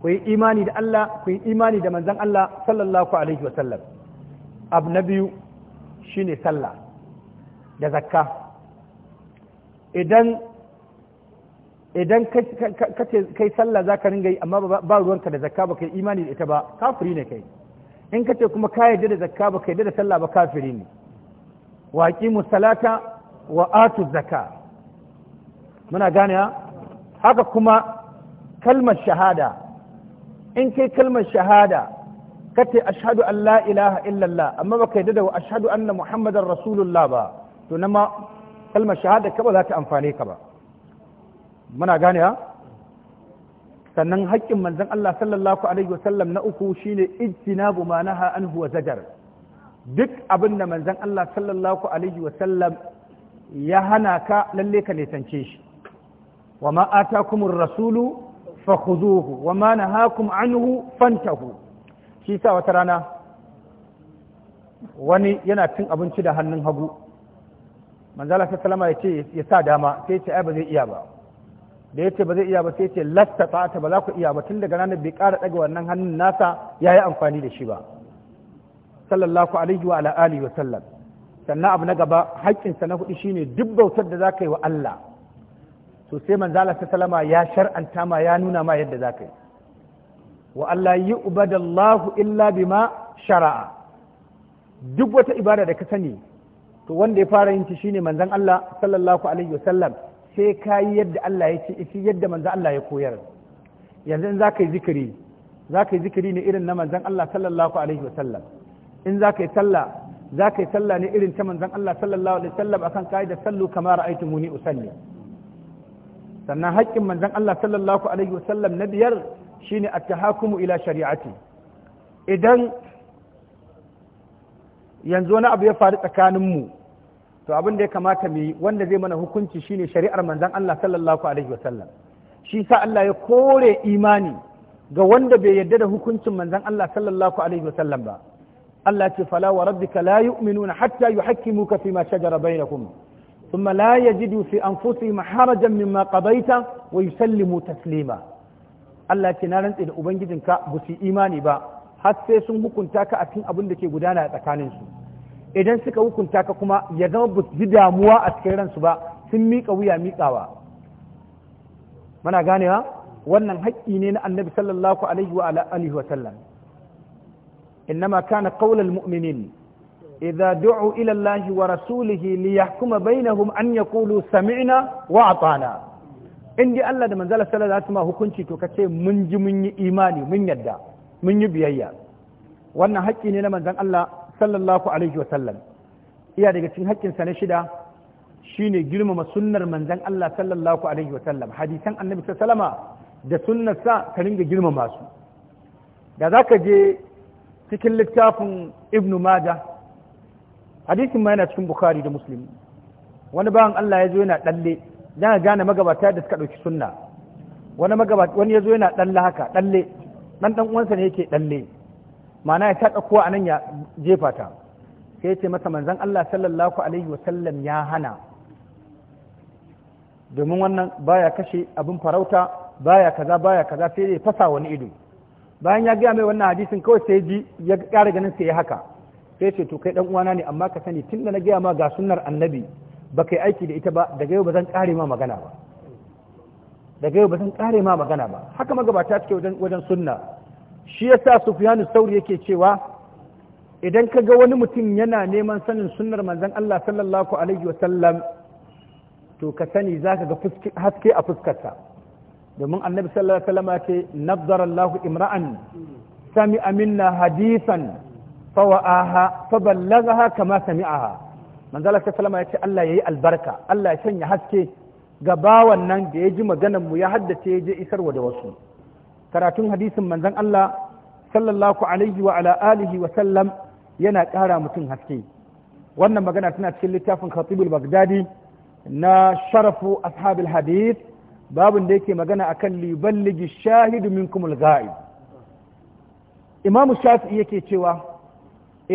ku yi imani da Allah ku yi imani da Allah sallallahu alaihi wa sallam abu na biyu shine sallah da zakka idan idan kai sallah za ka ringa yi amma ba ruwanka da zakka ba yi imani da ita ba kafiri ne kai in ka ce kuma ka yarda da zakka ba ka yarda da sallah ba kafiri ne wa aqimu salata wa atu zakka muna gane haka kuma kalmar shahada in kai kalmar shahada ka kace ashhadu an la ilaha illallah amma baka yadda da ashhadu anna muhammadar rasulullah ba to na ma kalmar shahada ka ba za ta amfane ka ba muna gane ha sannan haƙƙin manzon Allah sallallahu alaihi wasallam na uku shine ijtinabu ma naha anhu wa zajar duk abin da manzon Allah sallallahu alaihi wasallam ya hana ka lalle ka nisance shi wa ma atakumur rasulu fakhuduhu wa ma nahakum anhu fantahu shi sa wata rana wani yana cin abinci da hannun hagu manzala ta salama ya yace ya sa dama sai ce ai ba zai iya ba da ya ba zai iya ba sai ce lasta ta ba za ku iya ba tun daga ranar bai ƙara ɗaga wannan hannun nasa ya yi amfani da shi ba sallallahu alaihi wa ala alihi wa sallam sannan abu na gaba haƙƙinsa na hudu shine duk bautar da za ka yi wa Allah to sai manzala ta salama ya shar'anta ma ya nuna ma yadda za ka yi wa Allah yi ubadallahu illa bima shara'a duk wata ibada da ka sani to wanda ya fara yin ta ne manzan Allah sallallahu alaihi wasallam sai ka yi yadda Allah ya ce shi yadda manzon Allah ya koyar yanzu in ka yi zikiri zaka yi zikiri ne irin na manzan Allah sallallahu alaihi wasallam in zaka yi sallah zaka yi sallah ne irin ta manzan Allah sallallahu alaihi wasallam akan kaida sallu kama muni usalli sannan haƙƙin manzan Allah sallallahu alaihi wasallam na biyar shine at-tahakumu ila shari'ati idan yanzu wani abu ya faru tsakanin mu to abin da ya kamata mu wanda zai mana hukunci shine shari'ar manzan Allah sallallahu alaihi wasallam shi sa Allah ya kore imani ga wanda bai yarda da hukuncin manzan Allah sallallahu alaihi wasallam ba Allah ce fala wa rabbika la yu'minuna hatta yuhakkimuka fima shajara bainakum ثم لا يجدوا في أنفسهم حرجا مما قضيت ويسلموا تسليما Allah ce na rantse da Ubangijinka ba su imani ba har sai sun hukunta ka a cikin abin da ke gudana a tsakaninsu su idan suka hukunta ka kuma ya zama ba ji damuwa a cikin ransu ba sun miƙa wuya miƙawa mana ganewa wannan haƙƙi ne na annabi sallallahu alaihi wa alihi wa sallam kana qaulal mu'minin idza du'u ila Allah wa rasulihi li yahkuma bainahum an yaqulu sami'na wa ata'na in dai Allah da manzala sallallahu alaihi hukunci to ka ce ji mun yi imani mun yadda mun yi biyayya wannan haƙƙi ne na manzon Allah sallallahu alaihi wasallam iya daga cikin haƙƙinsa na shida shine girmama sunnar manzon Allah sallallahu alaihi wasallam hadisan annabi sallama da sunnarsa ka ringa girmama su da za ka je cikin littafin ibnu mada hadisin ma yana cikin bukhari da muslim wani bawan Allah ya zo yana dalle dan gane magabata da suka ɗauki sunna wani magabata wani ya zo yana dalle haka dalle ɗan ɗan uwansa ne yake dalle ma'ana ya taɗa kowa nan ya jefa ta sai ya ce masa manzan Allah sallallahu alaihi wasallam ya hana domin wannan baya kashe abin farauta baya kaza baya kaza sai ya fasa wani ido bayan ya gaya mai wannan hadisin kawai sai ya ji ya ƙara ganin sai ya haka sai ce to kai dan uwana ne amma ka sani tunda na gaya ma ga sunnar annabi ba kai aiki da ita ba daga yau ba zan kare ma magana ba daga yau ba zan kare ma magana ba haka magabata take wajen wajen sunna shi yasa Sufyanu Sauri yake cewa idan ka ga wani mutum yana neman sanin sunnar manzon Allah sallallahu alaihi wa sallam to ka sani zaka ga haske a fuskarsa domin annabi sallallahu alaihi wa sallam ya ce nazzara Allahu imra'an sami minna hadisan fawa'aha fa kama sami'aha manzala ta salama ya ce Allah ya yi albarka Allah ya shanya haske ga bawan nan da ya ji maganan mu ya haddace ya je isarwa da wasu karatun hadisin manzon Allah sallallahu alaihi wa ala alihi wa sallam yana ƙara mutum haske wannan magana tana cikin littafin khatibul bagdadi na sharafu ashabul hadith Babu da yake magana akan liballigi shahidu minkumul ghaib imamu shafi'i yake cewa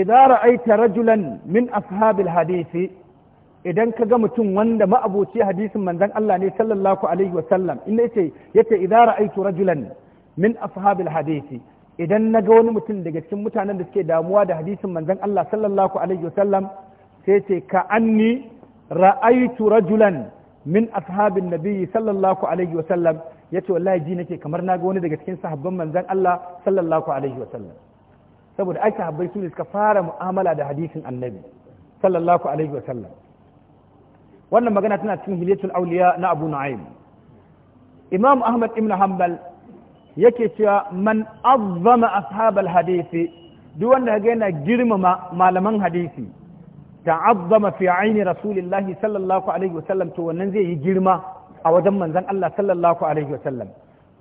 idan ra'aita rajulan min ashabil hadisi idan ka ga mutum wanda ma'aboci hadisin manzon Allah ne sallallahu alaihi wasallam in yace yace idan ra'aitu rajulan min ashabil hadisi idan na ga wani mutum daga cikin mutanen da suke damuwa da hadisin manzon Allah sallallahu alaihi wasallam sai yace ka anni ra'aitu rajulan min ashabin nabiyyi sallallahu alaihi wasallam yace wallahi ji nake kamar na ga wani daga cikin sahabban manzon Allah sallallahu alaihi wasallam saboda ai sahabbai su ne suka fara mu'amala da hadisin annabi sallallahu alaihi wa sallam wannan magana tana cikin hilatul auliya na abu nu'aym imam ahmad ibn hanbal yake cewa man azzama ashabal hadisi duk wanda ga yana girmama malaman hadisi ta'azzama fi aini rasulillahi sallallahu alaihi wa sallam to wannan zai yi girma a wajen manzon Allah sallallahu alaihi wa sallam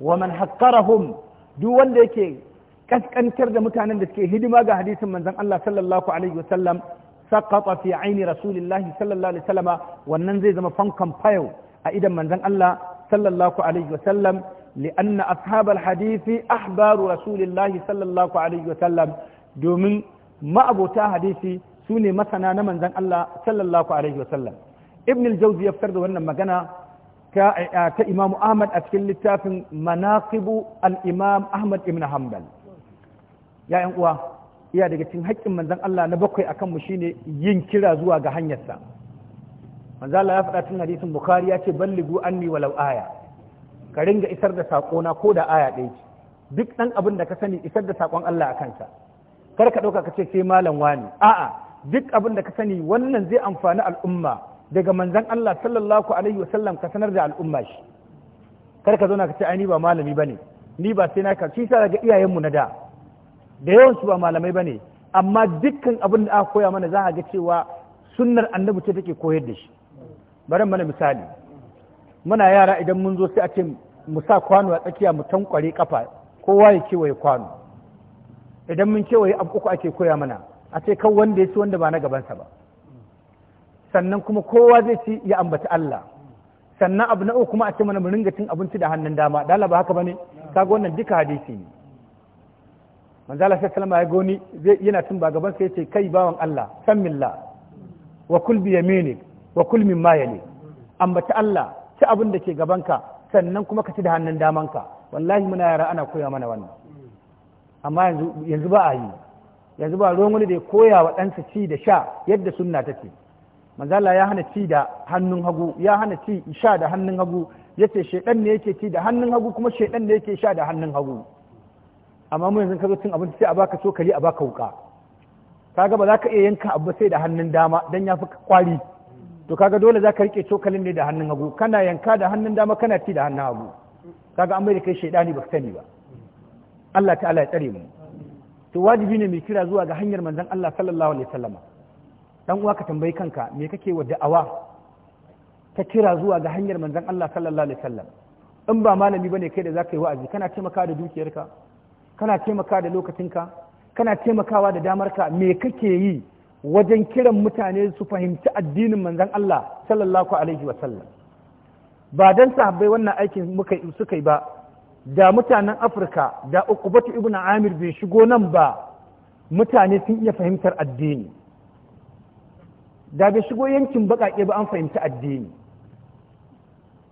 wa man haqqarahum duk wanda yake kaskantar da mutanen da suke hidima ga hadisin manzon Allah sallallahu alaihi wasallam saqata fi aini rasulillahi sallallahu alaihi wasallama wannan zai zama fankan fayo a idan manzon Allah sallallahu alaihi wasallam لأن أصحاب الحديث أحبار رسول الله صلى الله عليه وسلم دومين ما أبو تا حديثي سوني مثلا نمن زن الله صلى الله عليه وسلم ابن الجوزي يفترض أن مجانا كإمام أحمد أتكلم لتاف مناقب الإمام أحمد بن حنبل ya uwa iya daga cikin haƙƙin manzon Allah na bakwai akan mu shine yin kira zuwa ga hanyarsa manzo Allah ya faɗa cikin hadisin Bukhari ya ce balligu anni walau aya ka ringa isar da na ko da aya ɗaya ce duk ɗan abin da ka sani isar da saƙon Allah a kansa kar ka ɗauka ka ce sai malam wani a'a duk abin da ka sani wannan zai amfani al'umma daga manzon Allah sallallahu alaihi wasallam ka sanar da al'umma shi kar ka zauna ka ce ai ni ba malami bane ni ba sai na ka shi sa daga iyayenmu na da da yawan su ba malamai ba ne amma dukkan abin da aka koya mana za a ga cewa sunnar annabi ce take koyar da shi bari mana misali muna yara idan mun zo sai a ce mu sa kwano a tsakiya mu tankware kafa kowa ya kewaye kwano idan mun kewaye abu uku ake koya mana a ce kan wanda ya ci wanda ba na gabansa ba sannan kuma kowa zai ci ya ambaci Allah sannan abu na uku kuma a ce mana mu ringa cin abinci da hannun dama dala ba haka bane kaga wannan duka hadisi ne manzo Allah sallallahu alaihi goni yana tun ba gaban sai yace kai bawan Allah san milla wa kul bi yaminik wa kul mimma yali ambata Allah ci abin da ke gabanka sannan kuma ka ci da hannun damanka wallahi muna yara ana koya mana wannan amma yanzu yanzu ba a yi yanzu ba ruwan wani da ya koya wa ɗansa ci da sha yadda sunna ta ce manzala ya hana ci da hannun hagu ya hana ci sha da hannun hagu yace shedan ne yake ci da hannun hagu kuma shedan ne yake sha da hannun hagu amma mu yanzu ka zo cin abinci sai a baka cokali a baka wuka kaga ba za ka iya yanka abu sai da hannun dama dan yafi kwari to kaga dole za ka rike cokalin ne da hannun hagu kana yanka da hannun dama kana ci da hannun hagu kaga an bai da kai shaidani ka sani ba Allah ta'ala ya tsare mu to wajibi ne mai kira zuwa ga hanyar manzon Allah sallallahu alaihi wasallama dan uwa ka tambayi kanka me kake wa da'awa ta kira zuwa ga hanyar manzon Allah sallallahu alaihi wasallam in ba malami bane kai da zaka yi wa'azi kana taimaka da dukiyarka kana taimaka da lokacinka kana taimakawa da damarka me kake yi wajen kiran mutane su fahimci addinin manzon Allah sallallahu alaihi wa sallam ba dan sahabbai wannan aikin muka suka yi ba da mutanen Afirka da Uqbatu ibn Amir bai shigo nan ba mutane sun iya fahimtar addini da bai shigo yankin baƙaƙe ba an fahimci addini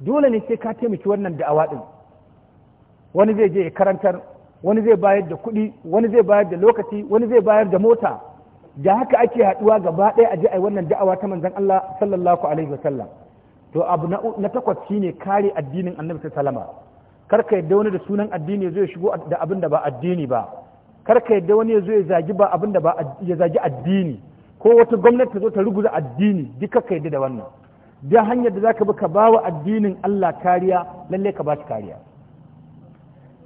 dole ne sai ka taimaki wannan da'awa din wani zai je ya karantar wani zai bayar da kuɗi wani zai bayar da lokaci wani zai bayar da mota da haka ake haɗuwa gaba ɗaya a ji a wannan da'awa ta manzan Allah sallallahu alaihi wasallam to abu na takwas shine kare addinin annabi sallama kar ka yadda wani da sunan addini ya shigo da abin da ba addini ba kar ka yadda wani ya zagi ba abin da ba ya zagi addini ko wata gwamnati ta zo ta ruguza addini duka ka yadda da wannan da hanyar da zaka bi ka bawa addinin Allah kariya lalle ka ba shi kariya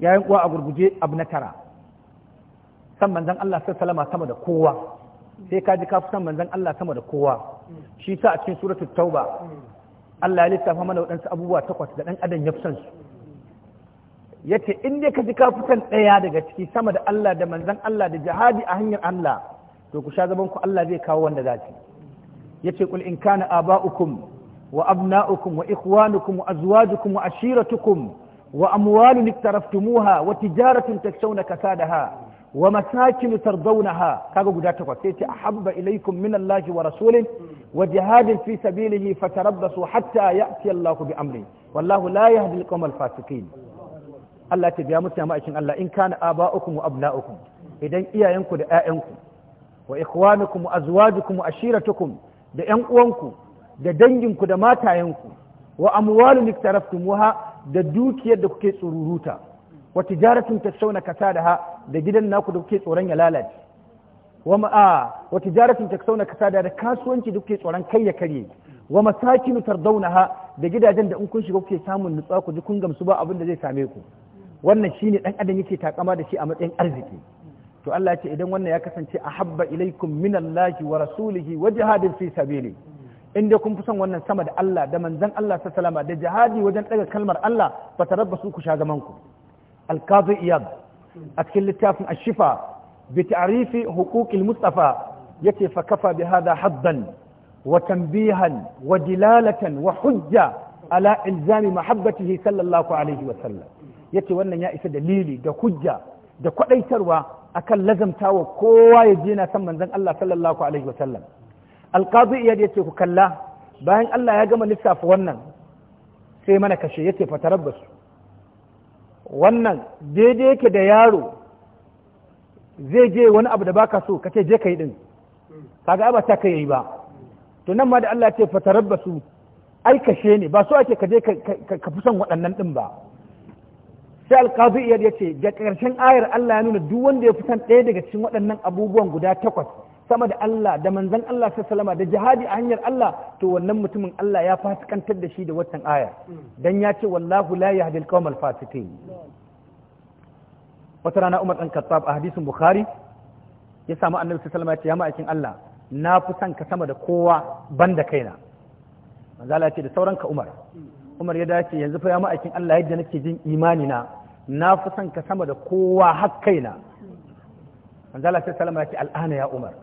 yayin uwa a gurguje abu na tara san manzan Allah salama sama da kowa sai ka ji ka fi san manzan Allah sama da kowa shi sa a cikin suratul tauba Allah ya lissafa mana waɗansu abubuwa takwas da ɗan adam ya fi san su yace in dai ka ji ka san ɗaya daga ciki sama da Allah da manzan Allah da jihadi a hanyar Allah to ku sha zaman ku Allah zai kawo wanda zaki yace ya kul in kana aba'ukum wa abna'ukum wa ikhwanukum wa azwajukum wa ashiratukum وأموال اقترفتموها وتجارة تكشون كسادها ومساكن ترضونها كاغو غدا تكو سيتي احب اليكم من الله ورسوله وجهاد في سبيله فتربصوا حتى ياتي الله بامره والله لا يهدي القوم الفاسقين الله تبيا متيا ما اشين الله ان كان اباؤكم وابناؤكم idan iyayenku da ƴaƴanku wa ikhwanukum wa azwajukum wa ashiratukum da ƴan uwanku da danginku da matayenku wa amwalun iktaraftumuha da dukiyar da kuke tsururuta wa tijaratun takshauna kasa da ha da gidan naku da kuke tsoron ya lalace wa ma'a wa tijaratun takshauna kasa da kasuwanci da kuke tsoron kai ya karye wa masakinu ha da gidajen da in kun shiga kuke samun nutsuwa ku ji kun gamsu ba abin da zai same ku wannan shine dan adam yake takama da shi a matsayin arziki to Allah ya ce idan wannan ya kasance ahabba ilaikum minallahi wa rasulihi wa jihadin fi sabili in dai kun fi son wannan sama da Allah da manzon Allah sallallahu alaihi da jihadi wajen daga kalmar Allah fa tarabbasu ku shagaman ku al-qadi iyad a cikin littafin ashifa bi ta'rifi huquqil mustafa yace fa kafa bi hadha haddan wa tanbihan wa dilalatan wa hujja ala ilzami mahabbatihi sallallahu alaihi wa sallam yace wannan ya isa dalili da hujja da kwadaitarwa akan lazamtawa kowa ya je na san manzon Allah sallallahu alaihi wa sallam alqadi iyad yace ku kalla bayan Allah ya gama lissafa wannan sai mana kashe ya yace fatarabbasu wannan daidai yake da yaro zai je wani abu da baka so kace je kai din kaga ba ta kai ba to nan ma da Allah ya ce fatarabbasu ai kashe ne ba so ake kaje ka fi son waɗannan din ba sai alkazu yace ya ce ga ƙarshen ayar Allah ya nuna duk wanda ya fi san ɗaya daga cikin waɗannan abubuwan guda takwas sama da Allah da manzan Allah sallama da jihadi a hanyar Allah to wannan mutumin Allah ya fasikantar da shi da watan aya dan ya ce wallahu la yahdi al-qawm al-fasiqin wata rana Umar dan Khattab a hadisin Bukhari ya samu annabi sallama ya ce ya ma'aikin Allah na fi son ka sama da kowa banda kaina manzo Allah ya ce da sauran ka Umar Umar ya dace yanzu fa ya ma'aikin Allah yadda nake jin imani na na fi son ka sama da kowa har kaina manzo Allah sallallahu ya ce al'ana ya Umar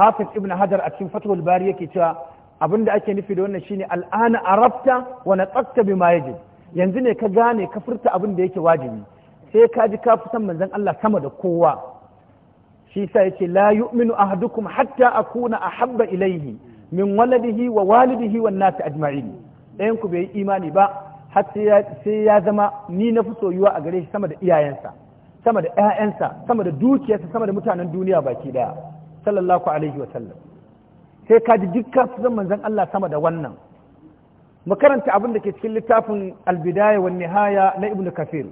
hafiz ibn hajar a cikin fatul bari yake cewa abin da ake nufi da wannan shine al'ana arabta wa naqatta bima yajib yanzu ne ka gane ka furta abin da yake wajibi sai ka ji ka fi san manzon Allah sama da kowa shi sa yace la yu'minu ahadukum hatta akuna ahabba ilayhi min waladihi wa walidihi wan nas ajma'in ɗayan ku bai imani ba har sai ya zama ni na fi soyuwa a gare shi sama da iyayensa sama da 'ya'yansa sama da dukiyarsa sama da mutanen duniya baki daya sallallahu alaihi wa sallam sai ka ji dukkan zan manzon Allah sama da wannan mu karanta abin da ke cikin littafin albidaya wa nihaya na ibn kafir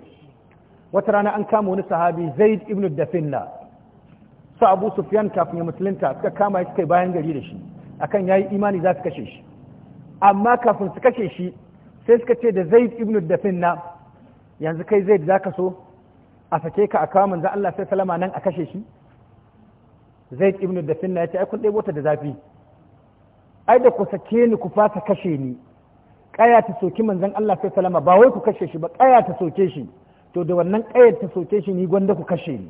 wata rana an kama wani sahabi zaid ibn dafinna su abu sufyan kafin ya musulunta suka kama suka kai bayan gari da shi akan yayi imani za su kashe shi amma kafin su kashe shi sai suka ce da zaid ibn dafinna yanzu kai zaid zaka so a sake ka a kawo manzan Allah sai salama nan a kashe shi zai ibn da finna ya ce ai kun ɗebo ta da zafi ai da ku sake ni ku fasa kashe ni kaya ta soki manzon Allah sai salama ba wai ku kashe shi ba kaya ta soke shi to da wannan kayar ta soke shi ni gwanda ku kashe ni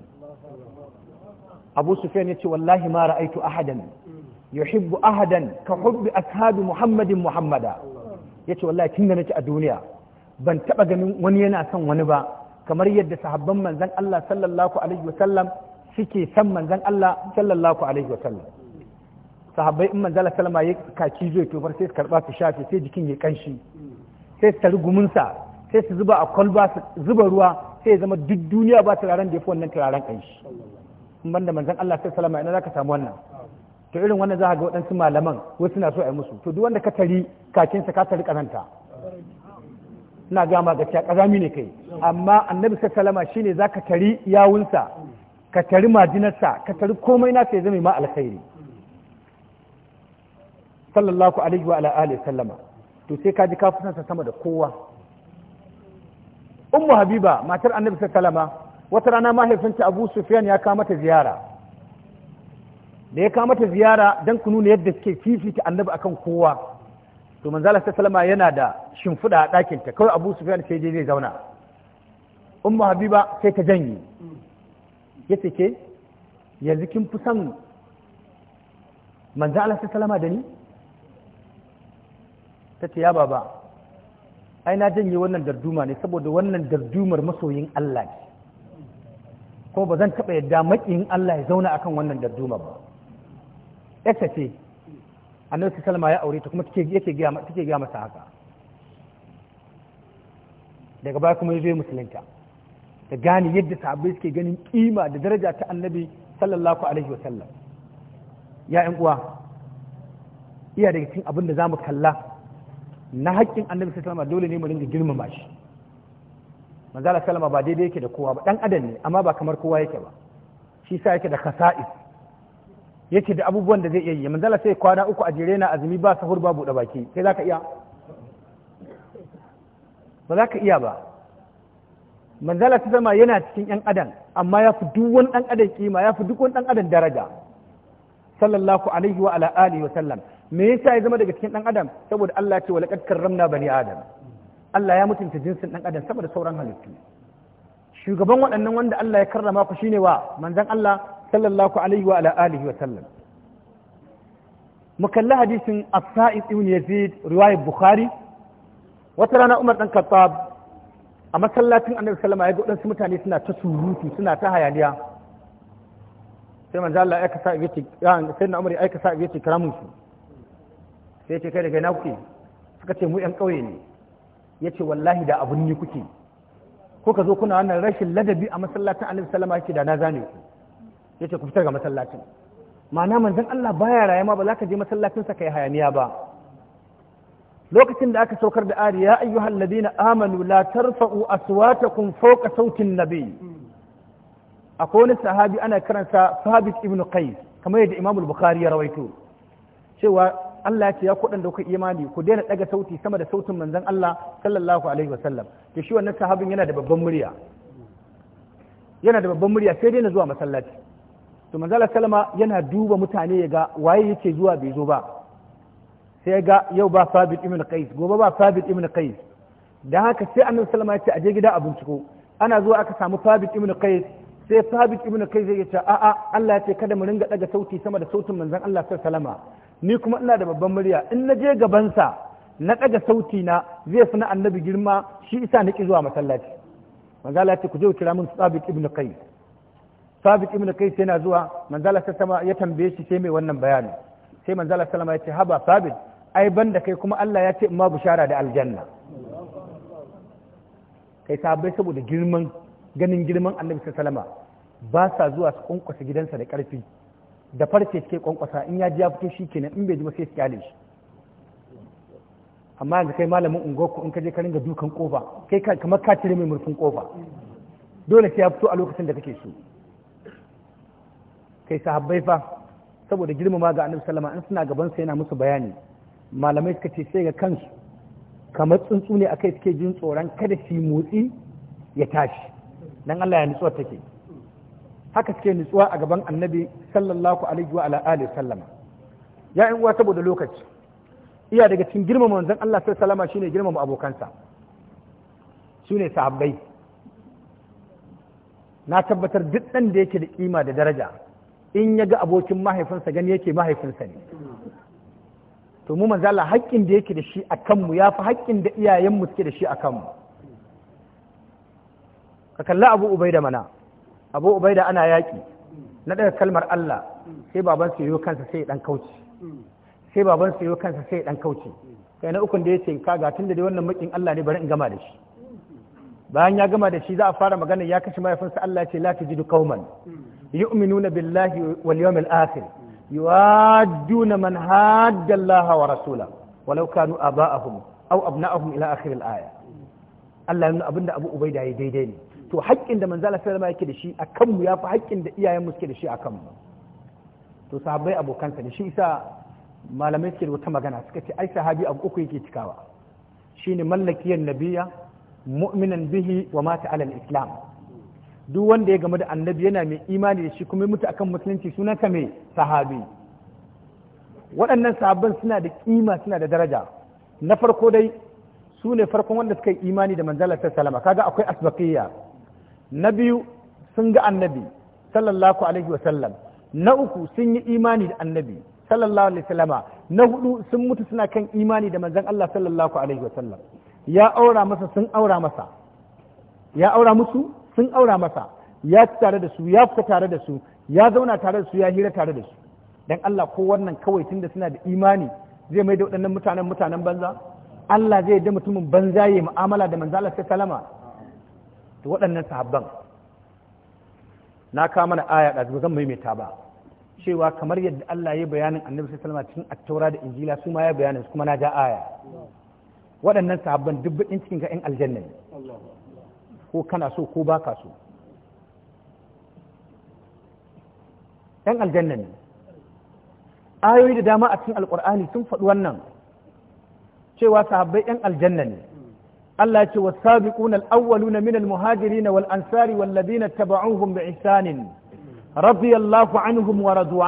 Abu Sufyan yace wallahi ma ra'aitu ahadan yuhibbu ahadan ka hubbi ashabi Muhammadin Muhammada yace wallahi na nake a duniya ban taba ganin wani yana son wani ba kamar yadda sahabban manzon Allah sallallahu alaihi wasallam suke san manzan Allah sallallahu alaihi wa sallam sahabbai in manzala sallama ya kaci zai tofar sai su karba su shafe sai jikin ya kanshi sai su tari gumunsa sai su zuba a kwalba su zuba ruwa sai ya zama duk duniya ba turaren da ya fi wannan turaren kanshi in banda manzan Allah sallallahu alaihi wa ina zaka samu wannan to irin wannan za ga waɗansu malaman wasu na so a yi musu to duk wanda ka tari kakinsa ka tari kazanta ina ga ma gaskiya kazami ne kai amma annabi sallallahu alaihi wasallam shine zaka tari yawunsa ka tari majinarsa ka tari komai na sai zama ma alkhairi sallallahu alaihi wa ala alihi sallama to sai ka ji ka fi sama da kowa ummu habiba matar annabi sallama wata rana mahaifinta abu sufyan ya kama ta ziyara da ya kama ta ziyara dan ku nuna yadda suke fifita annabi akan kowa to manzala sallama yana da shimfiɗa a ɗakinta kawai abu sufyan sai je zai zauna ummu habiba sai ta janye ya ce yanzu kin fi son manzo Allah sallama da ni ta ce ya baba ai na janye wannan darduma ne saboda wannan dardumar masoyin Allah ne ko ba zan taɓa yadda maƙin Allah ya zauna akan wannan darduma ba ita ce annabi salma ya aure ta kuma yake gaya masa haka daga baya kuma ya zo musulunta da gane yadda sahabbai suke ganin kima da daraja ta annabi sallallahu alaihi wasallam ya yan uwa iya daga cikin abin da za mu kalla na haƙƙin annabi sallallahu alaihi dole ne mu ringa girmama shi manzala sallama ba daidai yake da kowa ba dan adam ne amma ba kamar kowa yake ba shi sa yake da khasa'is yake da abubuwan da zai iya yi manzala sai kwana uku a jere na azumi ba sahur ba buɗe baki sai zaka iya ba za ka iya ba manzala ta zama yana cikin yan adam amma ya fi duk wani ɗan adam kima ya fi duk wani ɗan adam daraja sallallahu alaihi wa ala alihi wa sallam me yasa ya zama daga cikin ɗan adam saboda Allah ya ce wa laqad karramna bani adam Allah ya mutunta jinsin ɗan adam saboda sauran halittu shugaban waɗannan wanda Allah ya karrama ku shine wa manzon Allah sallallahu alaihi wa ala alihi wa sallam mukalla hadisin as-sa'id ibn yazid riwayat bukhari wata rana Umar dan Khattab a masallacin annabi sallama ya ga waɗansu mutane suna ta surutu suna ta hayaniya sai manzo Allah ya kasa yace yan sai na umar ya kasa ya ce kiramun su sai ya ce kai na kuke suka ce mu yan kauye ne ya ce wallahi da abun ni kuke ko ka zo kuna wannan rashin ladabi a masallacin annabi sallama yake da na zane ku ya ce ku fitar ga masallacin ma'ana manzon Allah baya rayuwa ba za ka je masallacinsa kai hayaniya ba lokacin da aka saukar da ari ya ayyuhal ladina amanu la tarfa'u aswatakum fawqa sautin nabi akwai wani sahabi ana karanta sahabi ibnu qais kamar yadda imamu bukhari ya rawaito cewa Allah ya ce ya kuɗin da kuka imani ku daina ɗaga sauti sama da sautin manzon Allah sallallahu alaihi wasallam to shi wannan sahabin yana da babban murya yana da babban murya sai dai na zuwa masallaci to manzon Allah sallama yana duba mutane ya ga waye yake zuwa bai zo ba sai ga yau ba fabit ibn qais gobe ba fabit ibn qais dan haka sai annabi sallama ya ce aje gida a binciko ana zuwa aka samu fabit ibn qais sai sabit ibn qais ya ce a'a Allah ya ce kada mu ringa daga sauti sama da sautin manzon Allah sallama ni kuma ina da babban murya in na je gaban sa na daga sauti na zai fi na annabi girma shi isa na zuwa masallaci manzo Allah ya ce ku je kira min sabit ibn qais sabit ibn qais yana zuwa manzo Allah sallama ya tambaye shi sai mai wannan bayani sai manzo Allah sallama ya ce haba fabit. ai ban da kai kuma Allah ya ce in ma bushara da aljanna kai sahabbai saboda girman ganin girman annabi sallama ba sa zuwa su kwankwasa gidansa da karfi da farce suke kwankwasa in ya ji ya fito shi kenan in bai ji ba sai su kyale shi amma yanzu kai malamin ungoku in ka je ka ringa dukan kofa kai kamar ka cire mai murfin kofa dole sai ya fito a lokacin da kake so kai sahabbai fa saboda girmama ga annabi sallama in suna gaban sa yana musu bayani malamai suka ce sai ga kansu kamar tsuntsu ne akai suke jin tsoron kada shi motsi ya tashi dan Allah ya nutsuwa take haka suke nutsuwa a gaban annabi sallallahu alaihi wa ala alihi sallama ya uwa saboda lokaci iya daga cikin girmama manzon Allah sallallahu alaihi shine girmama abokansa shine sahabbai na tabbatar duk ɗan da yake da kima da daraja in ya ga abokin mahaifinsa gani yake mahaifinsa ne to mu manzo Allah haƙƙin da yake da shi a kanmu ya fi haƙƙin da iyayenmu suke da shi a kanmu ka kalli abu da mana abu da ana yaƙi na daga kalmar Allah sai baban su kansa sai dan kauce sai baban su kansa sai dan kauce kai na ukun da ya yace ka ga da dai wannan makin Allah ne bari in gama da shi bayan ya gama da shi za a fara magana ya kashe mahaifinsa Allah ya ce la tajidu qauman yu'minuna billahi wal yawmil akhir yuwadduna man hadda Allah wa rasula walau kanu aba'ahum aw abna'ahum ila akhir al-aya Allah yana abinda Abu Ubaida yayi daidai ne to haƙƙin da manzala sallama yake da shi akan mu fi haƙƙin da iyayen mu suke da shi akan mu to sahabbai abokansa ne shi isa malamai suke da wata magana suka ce ai sahabi abu uku yake cikawa shine mallakiyar nabiya mu'minan bihi wa mata alal islam duk wanda ya game da annabi yana mai imani da shi kuma mutu akan musulunci sunanka mai sahabi waɗannan sahabban suna da kima suna da daraja na farko dai su ne farkon wanda suka yi imani da manzala ta salama kaga akwai asbaqiyya na biyu sun ga annabi sallallahu alaihi wa sallam na uku sun yi imani da annabi sallallahu alaihi wa sallama na hudu sun mutu suna kan imani da manzon Allah sallallahu alaihi wa sallam ya aura masa sun aura masa ya aura musu sun aura masa ya fi tare da su ya fita tare da su ya zauna tare da su ya hira tare da su dan Allah ko wannan kawai tun da suna da imani zai mai da waɗannan mutanen mutanen banza Allah zai da mutumin banza ya mu'amala da manzo Allah sallama to waɗannan sahabban na kama mana aya da zan maimaita ba cewa kamar yadda Allah ya bayanin annabi sallama cikin attaura da injila su ma ya bayanin su kuma na ja aya waɗannan sahabban duk bakin cikin ga 'yan aljanna ne ko kana so ko baka so ɗan aljanna ne ayoyi da dama a cikin alƙur'ani sun faɗi wannan cewa sahabbai ɗan aljanna ne Allah ce wa sabiquna al-awwaluna min al-muhajirin wal ansari wal ladina taba'uhum bi ihsanin radiyallahu anhum wa radu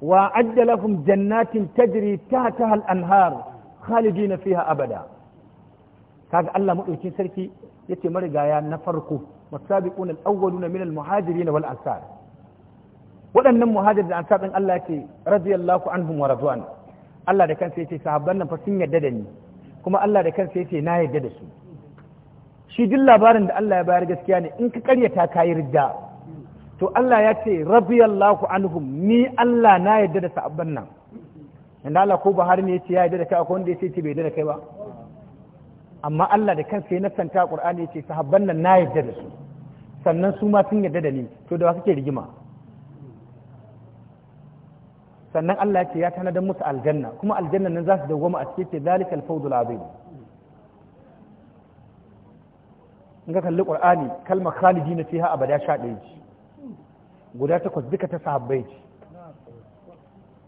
wa adda jannatin tajri tahtaha al-anhar khalidina fiha abada kaga Allah madaukin sarki yace marigaya na farko wasabiquna al-awwaluna min al-muhajirin wal ansar waɗannan muhajir da ansar din Allah yace radiyallahu anhum wa radwan Allah da kansa yace sahabban nan fa sun yadda da ni kuma Allah da kansa yace na yadda da su shi duk labarin da Allah ya bayar gaskiya ne in ka karyata yi ridda to Allah ya ce radiyallahu anhum ni Allah na yadda da sahabban nan inda Allah ko Buhari ne yace ya yadda da kai akwai wanda yace bai yadda da kai ba amma Allah da kansa ya nasanta Qur'ani yace sahabban nan na yarda da su sannan su ma sun yarda da ni to da wasu kake rigima sannan Allah ce ya tanadar musu aljanna kuma aljanna nan za su dawwama a cikin ce zalika fawdul azim in ka kalli qur'ani kalmar khalidina fiha abada sha ɗaya ce guda takwas duka ta sahabbai ce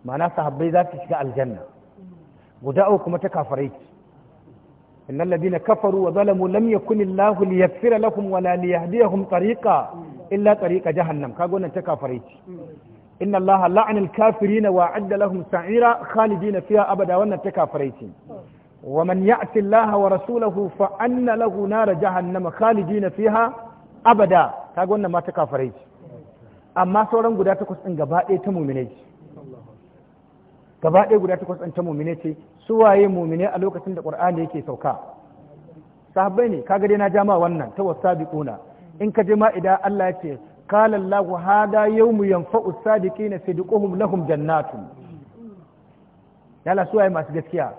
ma'ana sahabbai za su shiga aljanna guda uku kuma ta kafirai ce إن الذين كفروا وظلموا لم يكن الله ليغفر لهم ولا ليهديهم طريقا إلا طريق جهنم كاغونا تكافريت إن الله لعن الكافرين وأعد لهم سعيرا خالدين فيها أبدا وانا تكافريت ومن يأت الله ورسوله فأن له نار جهنم خالدين فيها أبدا كاغونا ما تكافريت أما سورا قد تكون إن قبائي تمو منيج gaba ɗaya guda takwas ɗan ta mummune ce suwaye mumine a lokacin da qur'ani yake sauka sahabbai ne kaga dai na jama wannan ta wasabiquna in ka jima idan Allah ya ce qala Allahu hada yawmu yanfa'u sadiqina sidquhum lahum jannatun yala suwaye masu gaskiya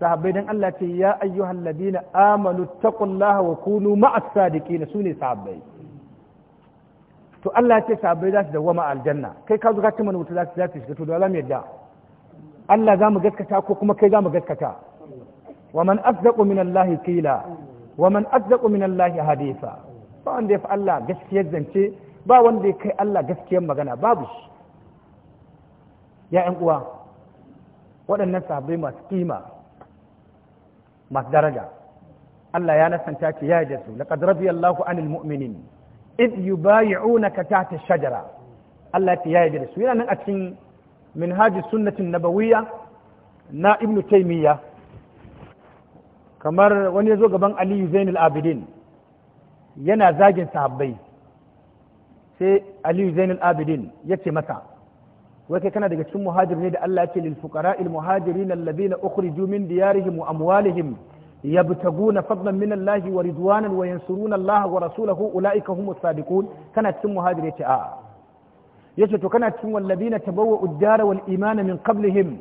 sahabbai dan Allah ce ya ayyuhal ladina amanu taqullaha wa kunu ma'as sadiqina sune sahabbai to Allah ya ce sahabbai za su ma aljanna kai ka zuga cin mana wuta za su shiga to da za yadda Allah za mu gaskata ko kuma kai za mu gaskata wa man asdaqu min Allah qila wa man asdaqu min Allah hadisa ba wanda ya fi Allah gaskiyar zance ba wanda ya kai Allah gaskiyar magana babu shi ya ƴan uwa waɗannan sahabbai masu kima masu daraja Allah ya nasanta ce ya da su laqad radiyallahu anil mu'minin id yubayi'unaka tahta shajara Allah ya yi da su yana nan a cikin minhaji sunnatin nabawiyya na ibnu taimiyya kamar wani ya zo gaban aliyu zainul abidin yana zagin sahabbai sai aliyu zainul abidin ya ce masa wai kana daga cikin muhajir ne da Allah ce lil fuqara al muhajirin alladhina ukhriju min diyarihim wa amwalihim yabtaguna fadlan min Allah wa ridwanan wa yansuruna Allah wa rasulahu ulaika humus sadiqun kana cikin muhajir yace a'a yace to kana cikin walladina tabawwa'u ad-dara wal imana min qablihim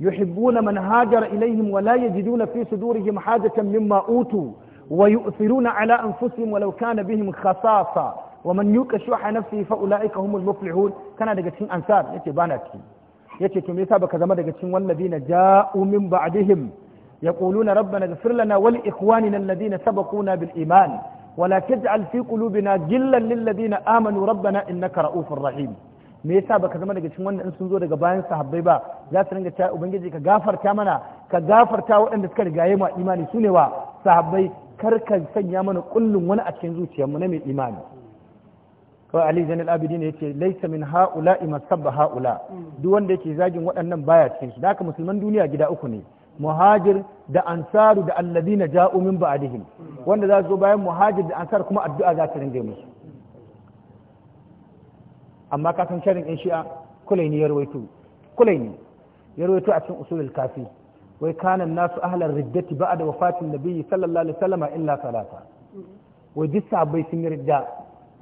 yuhibbuna man hajara ilaihim wa la yajiduna fi sudurihim hajatan mimma utu wa yu'thiruna ala anfusihim walau kana bihim khasasa wa man yuqa shuha nafsihi fa ulaika humul muflihun kana daga cikin ansar yace bana ciki yace to me yasa baka zama daga cikin walladina ja'u min ba'dihim يقولون ربنا اغفر لنا ولإخواننا الذين سبقونا بالإيمان ولا تجعل في قلوبنا جلا للذين آمنوا ربنا إنك رؤوف رحيم me yasa baka zama daga cikin wanda in sun zo daga bayan sahabbai ba za su ringa cewa ubangiji ka gafarta mana ka gafarta waɗanda suka rigaye mu imani su ne wa sahabbai kar ka sanya mana kullun wani a cikin zuciyarmu na mai imani kawai ali zainal abidin ya ce laisa min haula sabba haula duk wanda yake zagin waɗannan baya cikin su haka musulman duniya gida uku ne muhajir da ansaru da alladina ja'u min ba'dihim wanda za su zo bayan muhajir da ansar kuma addu'a za ta ringa musu amma ka san sharin in shi'a kulaini ya rawaito kulaini ya rawaito a cikin usulul kafi wai kana nasu ahlar riddati ba'da wafatin nabiyyi sallallahu alaihi wasallama illa salata wai duk sabai sun yi ridda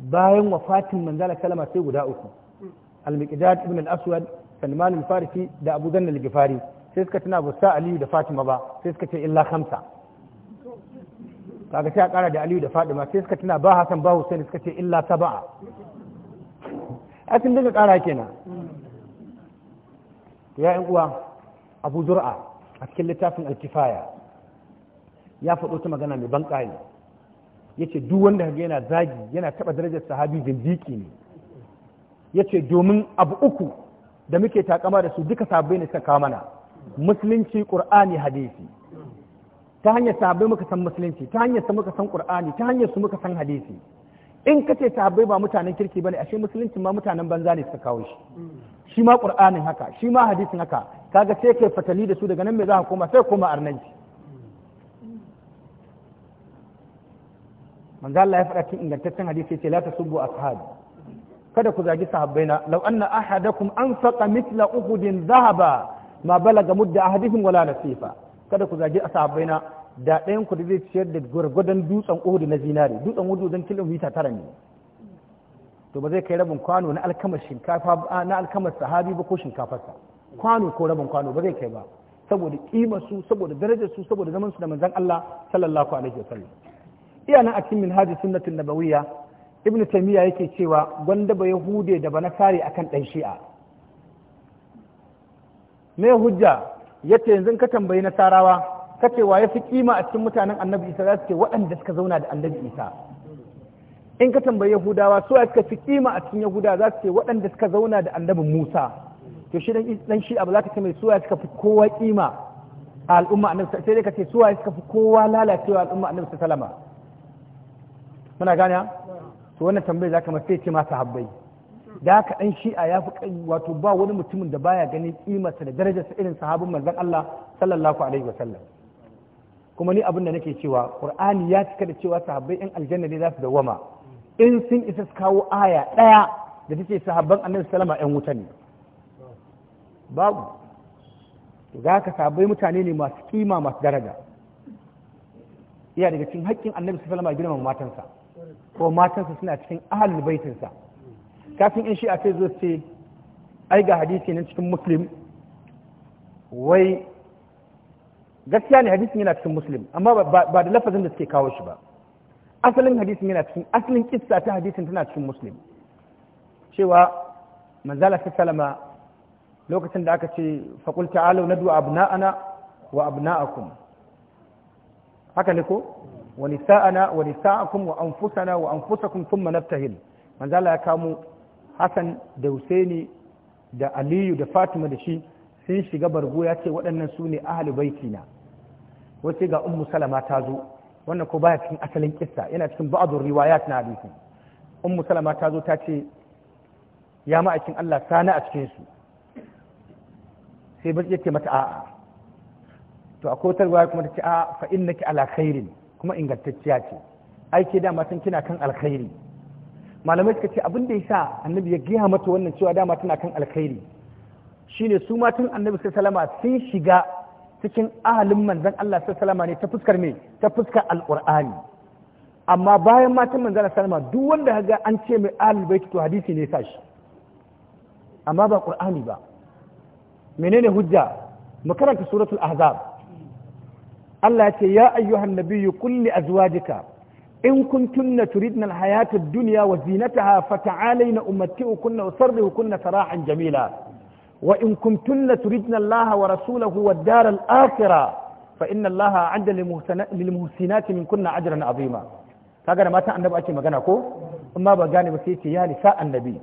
bayan wafatin manzala sallama sai guda uku al-miqdad ibn al-aswad salman al-farisi da abu dhanna al gifari sai suka tuna ba sa aliyu da fatima ba sai suka ce illa khamsa kaga sai a kara da aliyu da fatima sai suka tuna ba hasan ba husaini suka ce illa sab'a a daga dinga kara kenan ya yan uwa abu zur'a a cikin littafin alkifaya ya faɗo ta magana mai ban ya ce duk wanda kaga yana zagi yana taɓa darajar sahabi zindiki ne yace domin abu uku da muke takama da su duka sahabbai ne suka kawo mana musulunci ƙur'ani hadisi ta hanyar sahabbai muka san musulunci ta hanyar su muka san ƙur'ani ta hanyar su muka san hadisi in ka ce sahabbai ba mutanen kirki ne ashe musulunci ma mutanen banza ne suka kawo shi shi ma qur'anin haka shi ma hadisin haka kaga sai kai fatali da su daga nan me za ka koma sai koma arnanci manzo Allah ya faɗa cikin ingantaccen hadisi yace la tasubbu ashabi kada ku zagi sahabbaina law an ahadakum anfaqa mithla uhudin dhahaba ma balaga mudda ahadihim wala nasifa kada ku zagi sahabbaina da ɗayan ku da zai ciyar da gwargwadon dutsen ohudu na zinari dutsen uhudu don kilomita tara ne to ba zai kai rabin kwano na alkamar shinkafa na alkamar sahabi ba ko shinkafarsa kwano ko rabin kwano ba zai kai ba saboda kima su saboda darajar su saboda zaman su da manzon Allah sallallahu alaihi wasallam iya nan a cikin minhaji sunnatin nabawiyya ibn taymiya yake cewa gwanda ba yahude da ba nasari akan dan shi'a me hujja yace yanzu ka tambayi nasarawa kace wa ya fi kima a cikin mutanen annabi isa za su ce waɗanda suka zauna da annabi isa in ka tambayi yahudawa su suka fi kima a cikin yahuda za su ce waɗanda suka zauna da annabi musa to shi dan shi abu za ka ce mai suwa suka fi kowa kima a al'umma annabi sai dai ka ce suwa suka fi kowa lalacewa al'umma annabi sallama muna gane to wannan tambayar zaka ma sai ce ma sahabbai da haka dan shi ya fi wato ba wani mutumin da baya ganin kimarsa da darajarsa irin sahabin manzon Allah sallallahu alaihi wasallam kuma ni abin da nake cewa qur'ani ya cika da cewa sahabbai yan aljanna ne za su dawama in sun isa su kawo aya ɗaya da take sahabban annabi sallama ɗan wuta ne babu za ka sahabbai mutane ne masu kima masu daraja iya daga cikin haƙƙin annabi sallama girmama matansa ko matansa suna cikin ahalul baitinsa kafin in shi a sai zo ce ai ga hadisi nan cikin muslim wai gaskiya ne hadisin yana cikin muslim amma ba da lafazin da suke kawo shi ba asalin hadisin yana cikin asalin kissa ta hadisin tana cikin muslim cewa manzala ta salama lokacin da aka ce faƙul ta'alau nadu abna'ana wa abna'akum haka ne ko wa nisa'ana wa nisa'akum wa anfusana wa anfusakum thumma naftahil manzala ya kamo Hassan da Husaini da Aliyu da Fatima da shi sun shiga bargo ya ce waɗannan su ne ahli baitina wace ga ummu salama ta zo wannan ko baya cikin asalin kissa yana cikin ba'dur riwayat na hadisi ummu salama ta zo ta ce ya ma'aikin Allah sana a cikin su sai bar yace mata a'a to akwai wata riwaya kuma ta ce a'a fa innaki ala khairin kuma ingantacciya ce ai ke dama san kina kan alkhairi malamai suka ce abin da ya sa annabi ya giya mata wannan cewa dama tana kan alkhairi shine su matan annabi sai salama sun shiga cikin ahalin manzan Allah salama ne ta fuskar me ta fuskar alƙur'ani amma bayan matan manzan salama duk wanda ga an ce mai ahlul bait to hadisi ne sashi amma ba ƙur'ani ba menene hujja mu karanta suratul ahzab Allah ya ce ya ayyuhan nabiyyu qul li azwajika إن كنتن تردن الحياة الدنيا وزينتها فتعالين أمتئكن وسرهكن سراحا Jamila. وإن كنتن تردن الله ورسوله والدار الآخرة فإن الله عند للمحسنات من كنا أجرا عظيما فقال ما تا النبي أكي مغانا كو أما بغاني بسيتي يا نساء النبي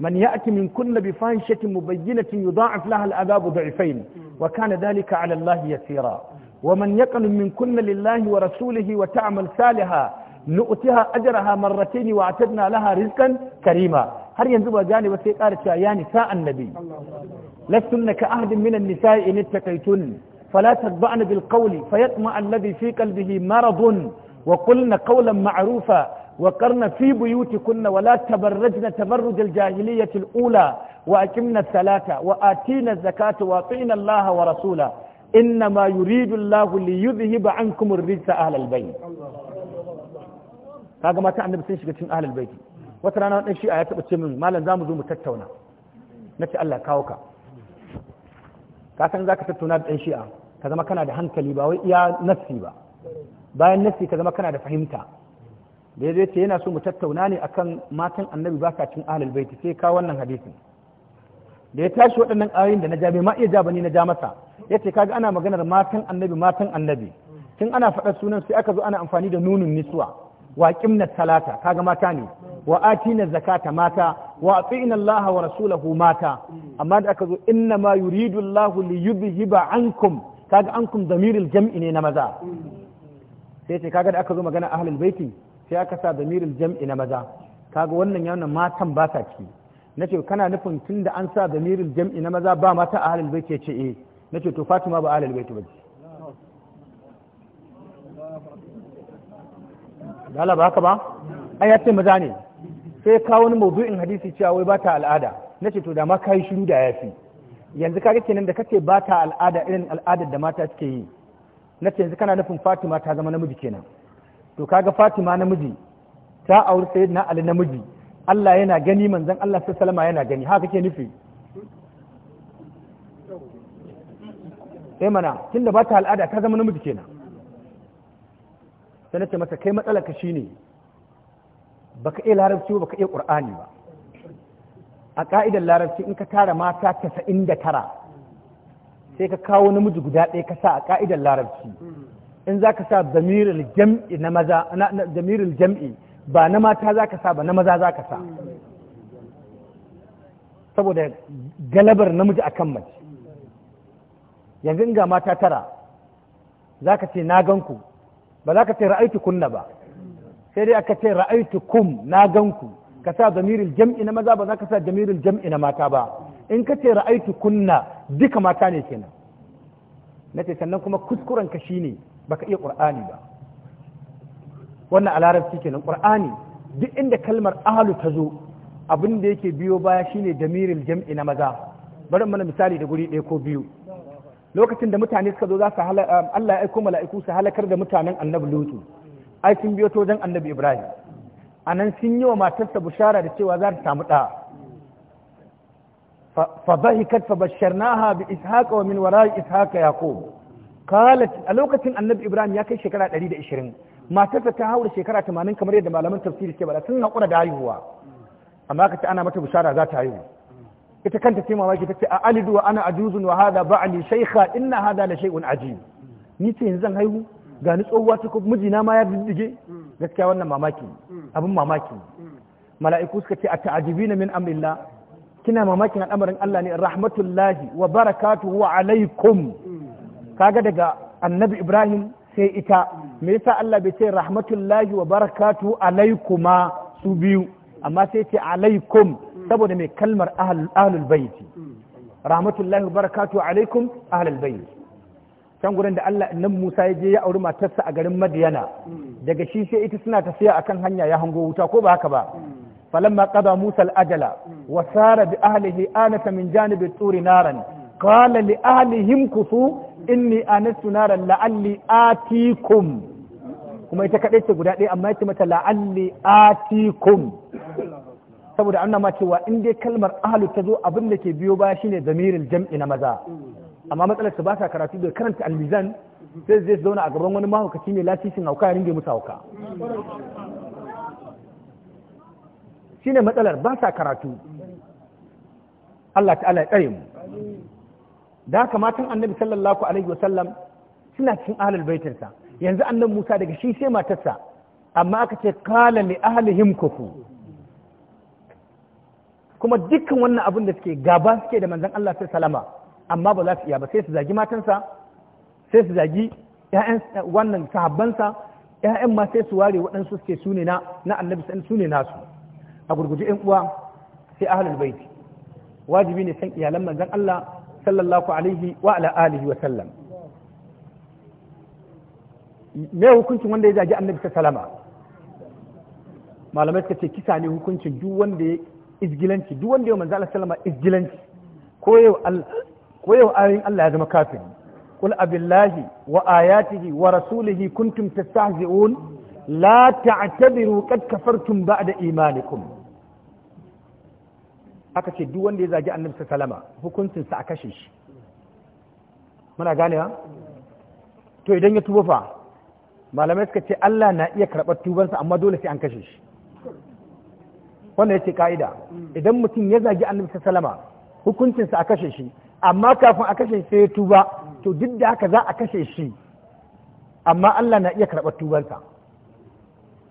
من يأتي من كن بفاحشة مبينة يضاعف لها العذاب ضعفين وكان ذلك على الله يسيرا ومن يقن من كن لله ورسوله وتعمل صالحا نؤتها أجرها مرتين واعتدنا لها رزقا كريما har yanzu ba gane ba sai ƙara cewa ya nisa annabi lastunna ka ahdin min an-nisa'i in takaitun fala tadba'na bil qawli fayatma alladhi fi qalbihi maradun wa qulna qawlan ma'rufa wa wa wa qarna fi buyutikunna la tabarrajna tabarruj al al jahiliyyati ula وقرن في بيوتكن ولا تبرجن تبرج الجاهلية الأولى وأكمن الثلاثة وآتينا الزكاة وأطعنا الله ورسوله إنما يريد الله ليذهب عنكم الرجس أهل البيت هذا ما تعني بسنشك أهل bayt wata rana ɗan shi'a ya taɓa ce min malam za mu zo mu tattauna na ce Allah kawo ka ka san za ka tattauna da ɗan shi'a ka zama kana da hankali ba wai iya nassi ba bayan nassi ka zama kana da fahimta da ya ce yana so mu tattauna ne akan matan annabi ba sa cin ahlul baiti sai ka wannan hadisin da ya tashi waɗannan ayoyin da na ja bai ma iya ja ni na ja masa ya ce kaga ana maganar matan annabi matan annabi tun ana faɗar sunan sai aka zo ana amfani da nunin nisuwa wa qimna talata kaga mata ne wa atina zakata mata wa atina Allah wa rasulahu mata amma da aka zo inna ma yuridu Allah li yudhhiba ankum kaga ankum damiril jam'i ne na maza sai ce kaga da aka zo magana ahlul baiti sai aka sa damiril jam'i na maza kaga wannan ya matan ba sa ciki nace kana nufin tunda an sa damiril jam'i na maza ba mata ahlul baiti ce eh nace to Fatima ba ahlul baiti ba ce da Allah ba haka ba an ya ce maza ne sai kawo wani mawdu'in hadisi cewa wai ba ta al'ada nace to da ma kayi shiru da yafi yanzu kake nan da kake ba ta al'ada irin al'adar da mata suke yi na ce yanzu kana nufin Fatima ta zama namiji kenan to kaga Fatima namiji ta auri sai na Ali namiji Allah yana gani manzon Allah sallallahu alaihi yana gani haka kake nufi sai eh mana tunda ba ta al'ada ta zama namiji kenan sai na ce masa kai matsalaka ba ka iya larabci ba ka iya ƙur'ani ba a ka'idar larabci in ka tara mata casa'in da tara sai ka kawo namiji guda ɗaya ka sa a ƙa'idar larabci in za ka sa zamirin jam'i na maza ba na mata za ka sa ba na maza za ka sa saboda galabar namiji a kan mace yanzu ga mata tara za ka ce na gan ku. ba za ka ce ra'aitu kunna ba sai dai aka ce ra'aitu kum na ganku ka sa zamirin jam'i na maza ba za ka sa zamirin jam'i na mata ba in ka ce ra'aitu kunna duka mata ne kenan na ce sannan kuma kuskuren ka shine baka iya qur'ani ba wannan a larabci kenan qur'ani duk inda kalmar ahlu ta zo abin da yake biyo baya shine zamirin jam'i na maza bari mana misali da guri ɗaya ko biyu lokacin da mutane suka zo za su um, Allah ya aiko mala'iku su halakar da mutanen annabi lutu ai sun biyo wajen annabi ibrahim a nan sun yi wa matarsa bushara da cewa za ta samu ɗa fa dhahikat fa basharnaha bi ishaqa wa min wara'i ishaqa yaqub qalat a lokacin annabi ibrahim ya kai shekara 120 matarsa ta haura shekara 80 kamar yadda malaman tafsiri ke bada sun haƙura da haihuwa amma ka ana mata bushara za ta haihu ita kanta ce mamaki ta ce a alidu wa ana ajuzun wa hada ba'li shaykha inna hada la shay'un ajib ni ce yanzu zan haihu ga ni tsohuwa ta mijina ma ya diddige gaskiya wannan mamaki abin mamaki mala'iku suka ce a ta'ajibina min amrillah kina mamakin al'amarin Allah ne rahmatullahi wa barakatuhu wa alaikum kaga daga annabi Ibrahim sai ita me yasa Allah bai ce rahmatullahi wa barakatuhu alaikuma su biyu amma sai ce alaikum saboda mai kalmar ahalul baiti rahmatullahi barakatu alaikum ahalul baiti can gurin da Allah nan Musa ya je ya auri matarsa a garin Madiyana daga shi sai ita suna tafiya akan hanya ya hango wuta ko ba haka ba falamma qada Musa al-ajala wa sara bi ahlihi anasa min janibi turi naran qala li ahlihim in inni anastu naran la'alli atikum kuma ita kaɗai ce guda ɗaya amma ya mata la'alli atikum saboda an cewa in dai kalmar ahlu ta zo abin da ke biyo baya shine zamirin jam'i na maza amma matsalar su ba sa karatu da karanta almizan sai zai zauna a gaban wani mahaukaci mai lasisin hauka ya ringe musu hauka shine matsalar ba sa karatu Allah ta'ala ya tsare mu da haka matan annabi sallallahu alaihi wa sallam suna cikin ahlul baitinsa yanzu annabi Musa daga shi sai matarsa amma aka ce qala li ahlihim kufu kuma dukkan wannan abin da suke gaba suke da manzon Allah sai salama amma ba za su iya ba sai su zagi matansa sai su zagi ƴaƴan wannan sahabbansa ƴaƴan ma sai su ware waɗansu suke sune na na annabi sai sune nasu a gurguje ƴan uwa sai ahlul bait wajibi ne san iyalan manzon Allah sallallahu alaihi wa ala alihi wa sallam me hukuncin wanda ya zagi annabi salama malamai suka ce kisa ne hukuncin duk wanda ya izgilanci duk wanda yau manzo Allah sallama izgilanci ko yau ko yau ayoyin Allah ya zama kafin qul abillahi wa ayatihi wa rasulihi kuntum tastahzi'un la ta'tabiru qad kafartum ba'da imanikum aka ce duk wanda ya zagi annabi sallama hukuncin sa a kashe shi muna ha to idan ya tuba fa malamai suka ce Allah na iya karɓar tubansa amma dole sai an kashe shi wannan yace ka'ida idan mutum ya zagi annabi sallama hukuncinsa a kashe shi amma kafin a kashe sai ya tuba to duk da haka za a kashe shi amma Allah na iya karɓar tubarsa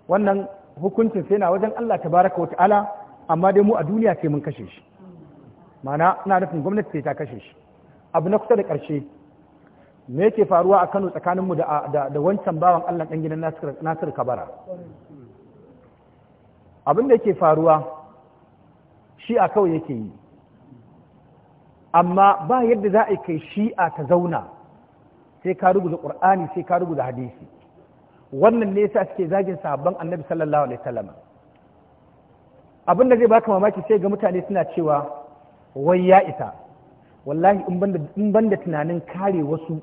wannan hukuncin sai na wajen Allah tabaraka wa ta'ala amma dai mu a duniya sai mun kashe shi mana ina nufin gwamnati sai ta kashe shi abu na kusa da karshe me yake faruwa a Kano tsakaninmu da wancan bawan Allah dan gidan Nasir Kabara abin da yake faruwa shi'a kawai yake yi amma ba yadda za a kai shi'a ta zauna sai ka rubuta ƙur'ani sai ka rubuta hadisi wannan ne sa suke zagin sabon annabi sallallahu alaihi wasallam abin da zai baka mamaki sai ga mutane suna cewa wai ya isa wallahi in banda tunanin kare wasu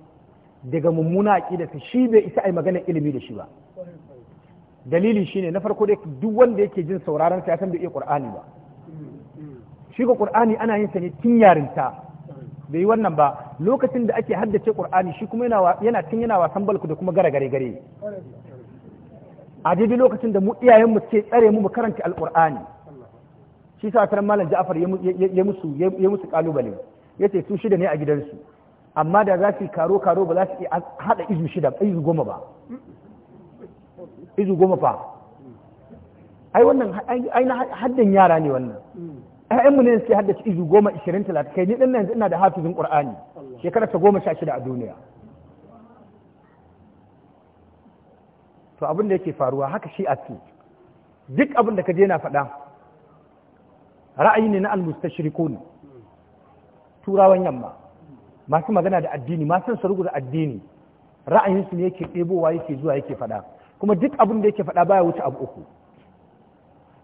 daga mummuna aƙida shi bai isa a yi magana ilimi da shi ba dalili shine na farko dai duk wanda yake jin sauraron sa ya san bai iya qur'ani ba shi ga qur'ani ana yin sa ne tun yarinta bai wannan ba lokacin da ake haddace qur'ani shi kuma yana yana tun yana wasan balku da kuma gare gare gare a daidai lokacin da mu iyayenmu suke tsare mu mu karanta alqur'ani shi sa karan malam Ja'far ya musu ya musu kalubale yace su shida ne a gidansu amma da za su karo karo ba za su iya hada izu shida izu goma ba izu goma fa ai wannan ai na haddan yara ne wannan ƴaƴan mu ne sai haddace izu goma ishirin 30 kai ni ɗin yanzu ina da hafizin qur'ani Shekarar ta goma sha shida a duniya to abin da yake faruwa haka shi a ce duk abin da ka je na faɗa ra'ayi ne na almustashrikun turawan yamma masu magana da addini masu sarugu da addini ra'ayinsu ne yake ɗebowa yake zuwa yake faɗa kuma duk abin da yake faɗa baya wuce abu uku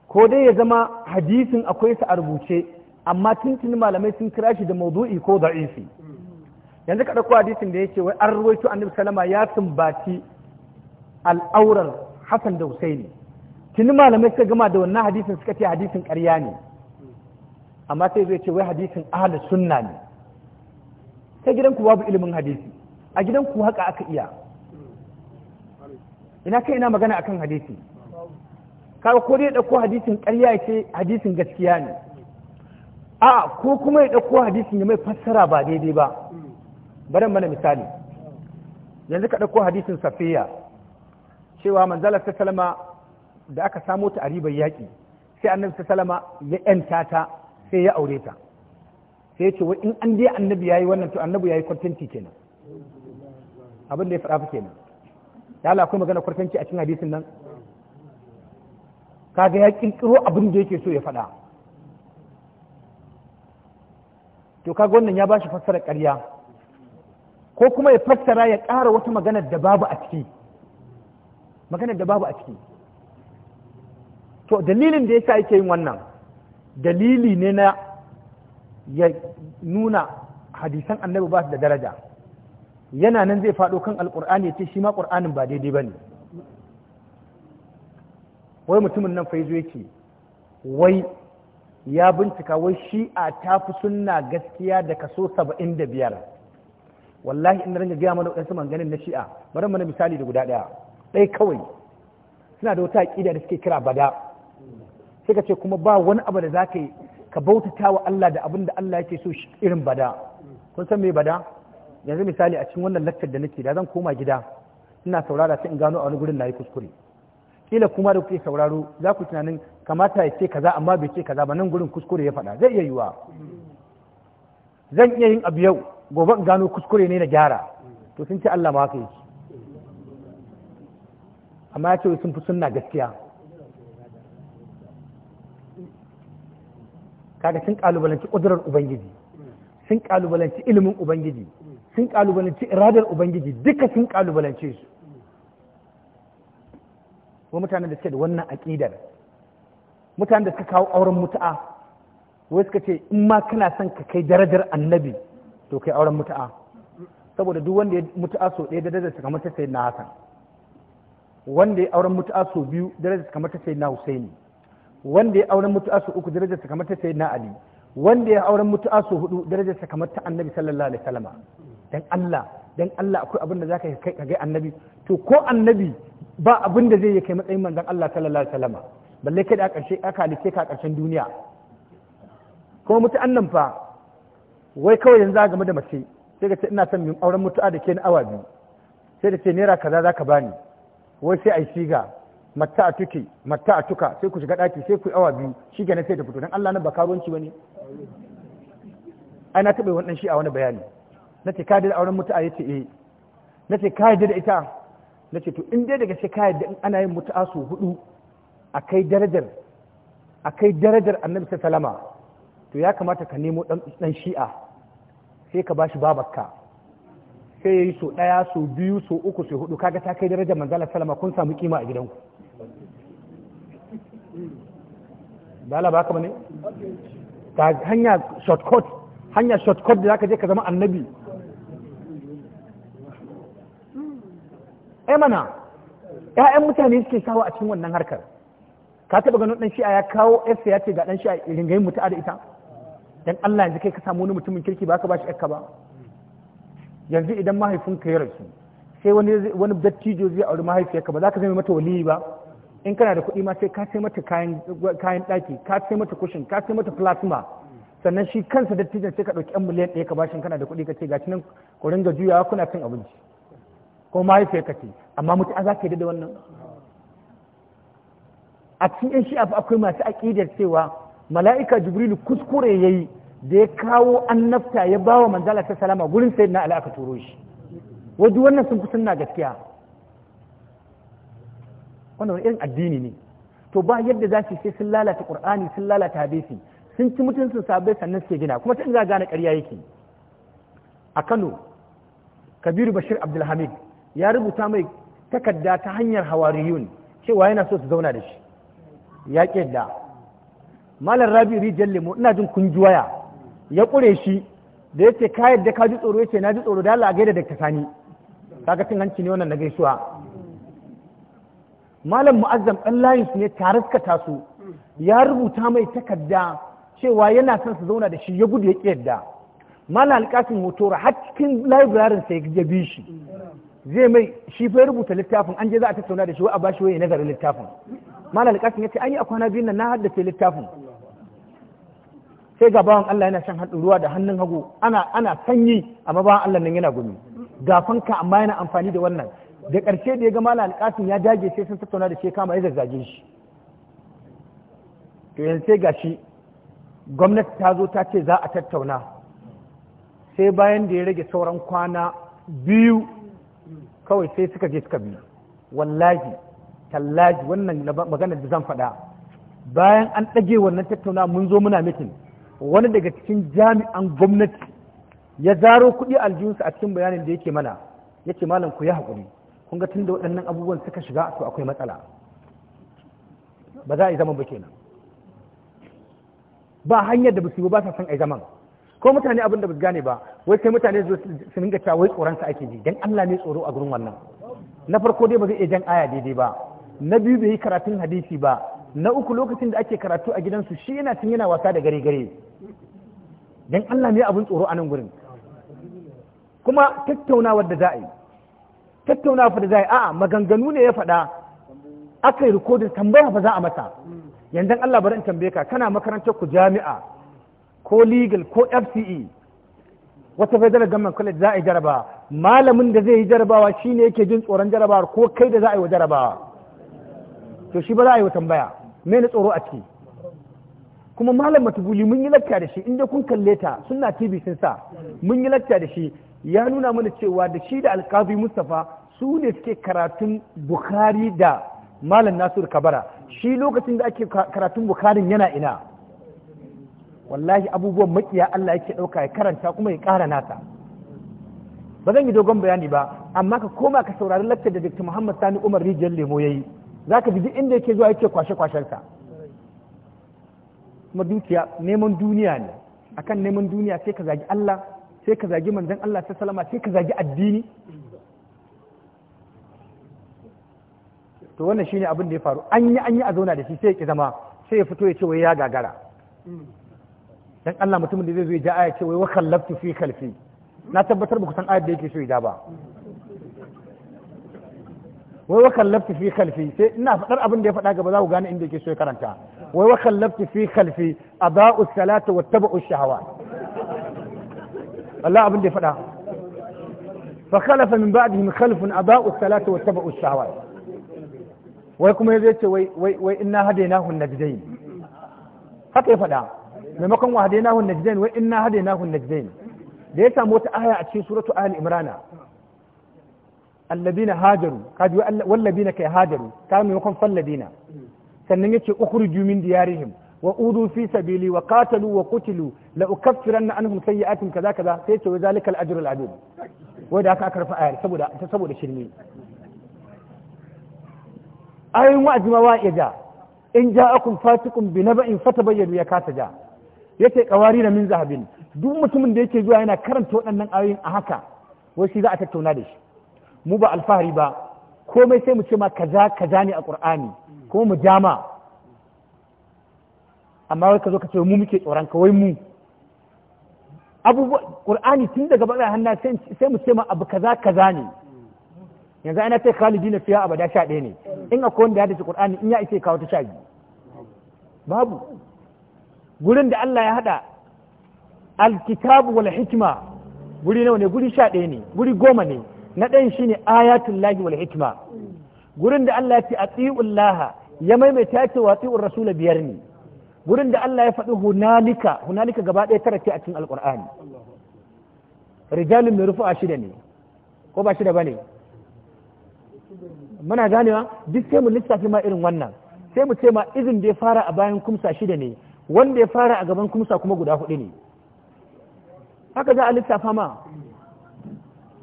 ko dai ya zama hadisin akwai sa a rubuce amma tuntun malamai sun kira shi da maudu'i ko da'ifi yanzu ka ɗauko hadisin da yake wai an ruwaito annabi salama ya sumbaci al'aurar Hassan da Husaini tuni malamai suka gama da wannan hadisin suka ce hadisin ƙarya ne amma sai zai ce wai hadisin ahlus sunna ne sai gidan ku babu ilimin hadisi a gidan ku haka aka iya ina kai ina magana akan hadisi kaga ko dai dauko hadisin ƙarya ce hadisin gaskiya ne a ko kuma ya dauko hadisin ya mai fassara ba daidai ba bari mana misali yanzu ka dauko hadisin safiya cewa manzalar ta salama da aka samo ta a ribar yaƙi sai annabi ta salama ya yanta ta sai ya aure ta sai ya ce in an dai annabi yayi wannan to annabi yayi kwatanci kenan abin da ya faɗa fa kenan da Allah akwai magana kwartanci a cikin hadisin nan kaga ya kirkiro abin da yake so ya faɗa to kaga wannan ya bashi fassara ƙarya ko kuma ya fassara ya ƙara wata magana da babu a ciki magana da babu a ciki to dalilin da yasa yake yin wannan dalili ne na ya nuna hadisan annabi ba su da daraja yana nan zai faɗo kan alƙur'ani ya ce shi ma ƙur'anin ba daidai ba ne wai mutumin nan faizo yake wai ya bincika wai shi'a ta fi sunna gaskiya da kaso saba'in da biyar wallahi in ringa gaya mana waɗansu manganin na shi'a bari mana misali da guda ɗaya ɗaya kawai suna da wata aƙida da suke kira bada ka ce kuma ba wani abu da za ka yi ka bautata wa Allah da abin da Allah yake so irin bada kun san me bada yanzu misali a cikin wannan lakcar da nake da zan koma gida ina saurara sai in gano a wani gurin nayi kuskure kila kuma da kuke sauraro za ku tunanin kamata ya ce kaza amma bai ce kaza ba nan gurin kuskure ya faɗa zai iya yiwa zan iya yin abu yau gobe in gano kuskure ne na gyara to sun ce Allah ma haka yake amma ya ce sun fi sunna gaskiya kaga sun kalubalanci ƙudurar ubangiji sun kalubalanci ilimin ubangiji sun kalubalanci iradar ubangiji duka sun kalubalance su wa mutanen da suke da wannan aƙidar mutanen da suka kawo auren mutu'a wai suka ce in ma kana son ka kai darajar annabi to kai auren mutu'a saboda duk wanda ya mutu'a so ɗaya darajar kamar ta sayi na hasan wanda ya auren mutu'a so biyu darajar kamar ta sayi na husaini wanda ya auren mutu'a so uku darajar kamar ta sayi na ali wanda ya auren mutu'a so hudu darajar kamar ta annabi sallallahu alaihi wasallam dan Allah dan Allah akwai abin da zaka kai ga annabi to ko annabi ba abin da zai kai matsayin manzon Allah sallallahu alaihi wasallam balle kai da karshe aka halice ka karshen duniya kuma mutu nan fa wai kawai yanzu game da mace sai ka ce ina son min auren mutu'a da ke na awa biyu sai da ce naira kaza zaka bani wai sai ai shiga matta a tuki matta a tuka sai ku shiga daki sai ku yi awa biyu shi kenan sai ta fito dan Allah na ba karuwanci bane ai na taɓa wannan shi a wani bayani na ce ka da auren mutu'a ya ce eh na ce ka da ita na ce to in dai daga shi ka da in ana yin mutu'a su hudu a kai darajar a kai darajar annabi salama to ya kamata ka nemo dan shi'a sai ka bashi babakka sai ya yi so ɗaya so biyu so uku so hudu kaga ta kai darajar manzala salama kun samu kima a gidanku bala ba ka ne ta hanya shortcut hanya shortcut da zaka je ka zama annabi Eh, mana ƴaƴan mutane suke kawo a cikin wannan harkar ka taɓa ganin ɗan shi'a ya kawo yarsa ya ce ga ɗan shi'a irin yin mutu'a da ita dan Allah yanzu kai ka samu wani mutumin kirki ba ka ba shi ƴakka ba yanzu idan mahaifinka ya rasu sai wani wani dattijo zai auri mahaifiyarka ba za ka zama mata waliyi ba in kana da kuɗi ma sai ka sai mata kayan kayan ɗaki ka sai mata kushin ka sai mata plasma sannan shi kansa dattijan sai ka ɗauki 'yan miliyan ɗaya ka bashin kana da kuɗi ka ce gashi nan ku ringa juyawa kuna cin abinci ko mahaifiyar ka ce amma mutu za ka yi da wannan a cikin yan shi'a akwai masu aƙidar cewa mala'ika jibrilu kuskure ya yi da ya kawo annabta ya ba wa manzala ta salama gurin sai na ala'aka turo shi wajen wannan sun fi suna gaskiya wannan irin addini ne to ba yadda za su sai sun lalata qur'ani sun lalata hadisi sun ci mutuncin sabai sannan suke gina kuma sai in za gane ƙarya a kano kabiru bashir abdulhamid ya rubuta mai takarda ta hanyar hawariyun cewa yana so su zauna da shi ya ƙeda malar rabi rijiyar lemo ina jin kun juwaya ya ƙure shi da ya ce ka da ka tsoro ya ce na ji tsoro da Allah a gaida da ta sani kaga cin hanci ne wannan na gaisuwa malam mu'azzam ɗan layin su ne tare suka taso ya rubuta mai takarda cewa yana son su zauna da shi ya gudu ya ƙi malam alƙasin motora har cikin labirarin sai ya bi shi zai mai shi fa rubuta littafin an je za a tattauna da shi wa a bashi waye nazarin littafin mana ya ce an yi a kwana biyu nan na haddace littafin sai ga bawan Allah yana shan haɗin ruwa da hannun hagu ana ana sanyi amma bawan Allah nan yana gumi ga fanka amma yana amfani da wannan da ƙarshe da ya ga malam ya dage sai sun tattauna da shi kama ya zazzage shi to yanzu sai ga shi gwamnati ta zo ta ce za a tattauna sai bayan da ya rage sauran kwana biyu kawai sai suka je suka bi wallahi tallaji wannan magana da zan faɗa bayan an ɗage wannan tattauna mun zo muna mitin wani daga cikin jami'an gwamnati ya zaro kuɗi aljihunsa a cikin bayanin da yake mana ya malam ku ya haƙuri kun ga tunda waɗannan abubuwan suka shiga to akwai matsala ba za a yi zaman ba kenan ba hanyar da ba su yi ba sa son a yi zaman ko mutane abin da ba gane ba wai sai mutane su dinga cewa wai tsoronsa ake ji dan Allah ne tsoro a gurin wannan na farko dai ba zai iya jan aya daidai ba na biyu bai yi karatun hadisi ba na uku lokacin da ake karatu a gidansu shi yana tun yana wasa da gare gare dan Allah ne abin tsoro a nan gurin kuma tattaunawar da za'a a yi tattaunawar da za'a yi a'a maganganu ne ya faɗa aka yi rikodin tambaya ba za a mata yanzu Allah bari in tambaye ka kana makarantar ku jami'a ko legal ko fce wata federal government college za a yi jaraba malamin da zai yi jarabawa shine yake jin tsoron jarabawar ko kai da za a yi wa jarabawa to shi ba za a yi wa tambaya me na tsoro a ciki kuma malam matubuli mun yi lakta da shi inda kun kalle ta sunna tv sun sa mun yi lakta da shi ya nuna mana cewa da shi da alkazi Mustapha su ne suke karatun bukari da malam Nasiru kabara shi lokacin da ake karatun bukharin yana ina wallahi abubuwan makiya Allah yake ɗauka ya karanta kuma ya ƙara nata ba zan yi dogon bayani ba amma ka koma ka saurari lakta da Dr. Muhammad Sani Umar Rijiyar Lemo ya yi zaka ka duk inda yake zuwa yake kwashe kwashen kuma dukiya neman duniya ne akan neman duniya sai ka zagi Allah sai ka zagi manzon Allah ta salama sai ka zagi addini to wannan shine abin da ya faru an yi a zauna da shi sai ya ki zama sai ya fito ya ce wai ya gagara dan Allah mutumin da zai zo ya ja aya ce wai wa kallabtu fi khalfi na tabbatar ba ku san ayar da yake so ya ja ba wai wa kallabtu fi khalfi sai ina faɗar abin da ya fada gaba za ku gane inda yake so ya karanta wai wa kallabtu fi khalfi aba'u salata wa tabu'u shahawa Allah abin da ya faɗa fa khalafa min ba'dihim khalfun aba'u salata wa tabu'u shahawa wai kuma ya ce wai wai wai inna hadainahu najdain haka ya fada. maimakon wa hadainahu najdain wa inna hadainahu najdain da ya samu wata aya a cikin suratu ali imrana allabina hajaru kaji wallabina kai hajaru ta maimakon falladina sannan yace ukhruju min diyarihim wa udu fi sabili wa qatalu wa qutilu la ukaffiranna anhum sayyi'atin kaza kaza sai ce wa zalikal ajru al azim wai da aka aka rufe ayar saboda ta saboda shirme ayoyin wa'azi ma wa'iza in ja'akum fasiqun bi naba'in fatabayyanu ya kata ja' yace kawari da min zahabin duk mutumin da yake zuwa yana karanta waɗannan ayoyin a haka wai shi za a tattauna da shi mu ba alfahari ba komai sai mu ce ma kaza kaza ne a qur'ani kuma mu jama amma wai ka zo ka ce mu muke tsoron ka wai mu abubuwa qur'ani tun daga bada hanna sai mu ce ma abu kaza kaza ne yanzu ana ce khalidi na fiya abada sha ɗaya ne in akwai wanda ya dace qur'ani in ya ice kawo ta sha biyu babu gurin da Allah ya haɗa, alkitabu wal hikma guri nawa ne guri sha ɗaya ne guri goma ne na ɗayan shine ayatul lahi wal hikma gurin da Allah ya ce laha ya maimaita ce wa atiur rasula biyar ne gurin da Allah ya faɗi hunalika hunalika gaba ɗaya tara ce a cikin alqur'ani rijalun mai rufu'a shida ne ko ba shida bane muna ganewa duk sai mu lissafi ma irin wannan sai mu ce ma izin da ya fara a bayan kumsa shida ne wanda ya fara a gaban kumsa kuma guda hudu ne haka za a lissafa ma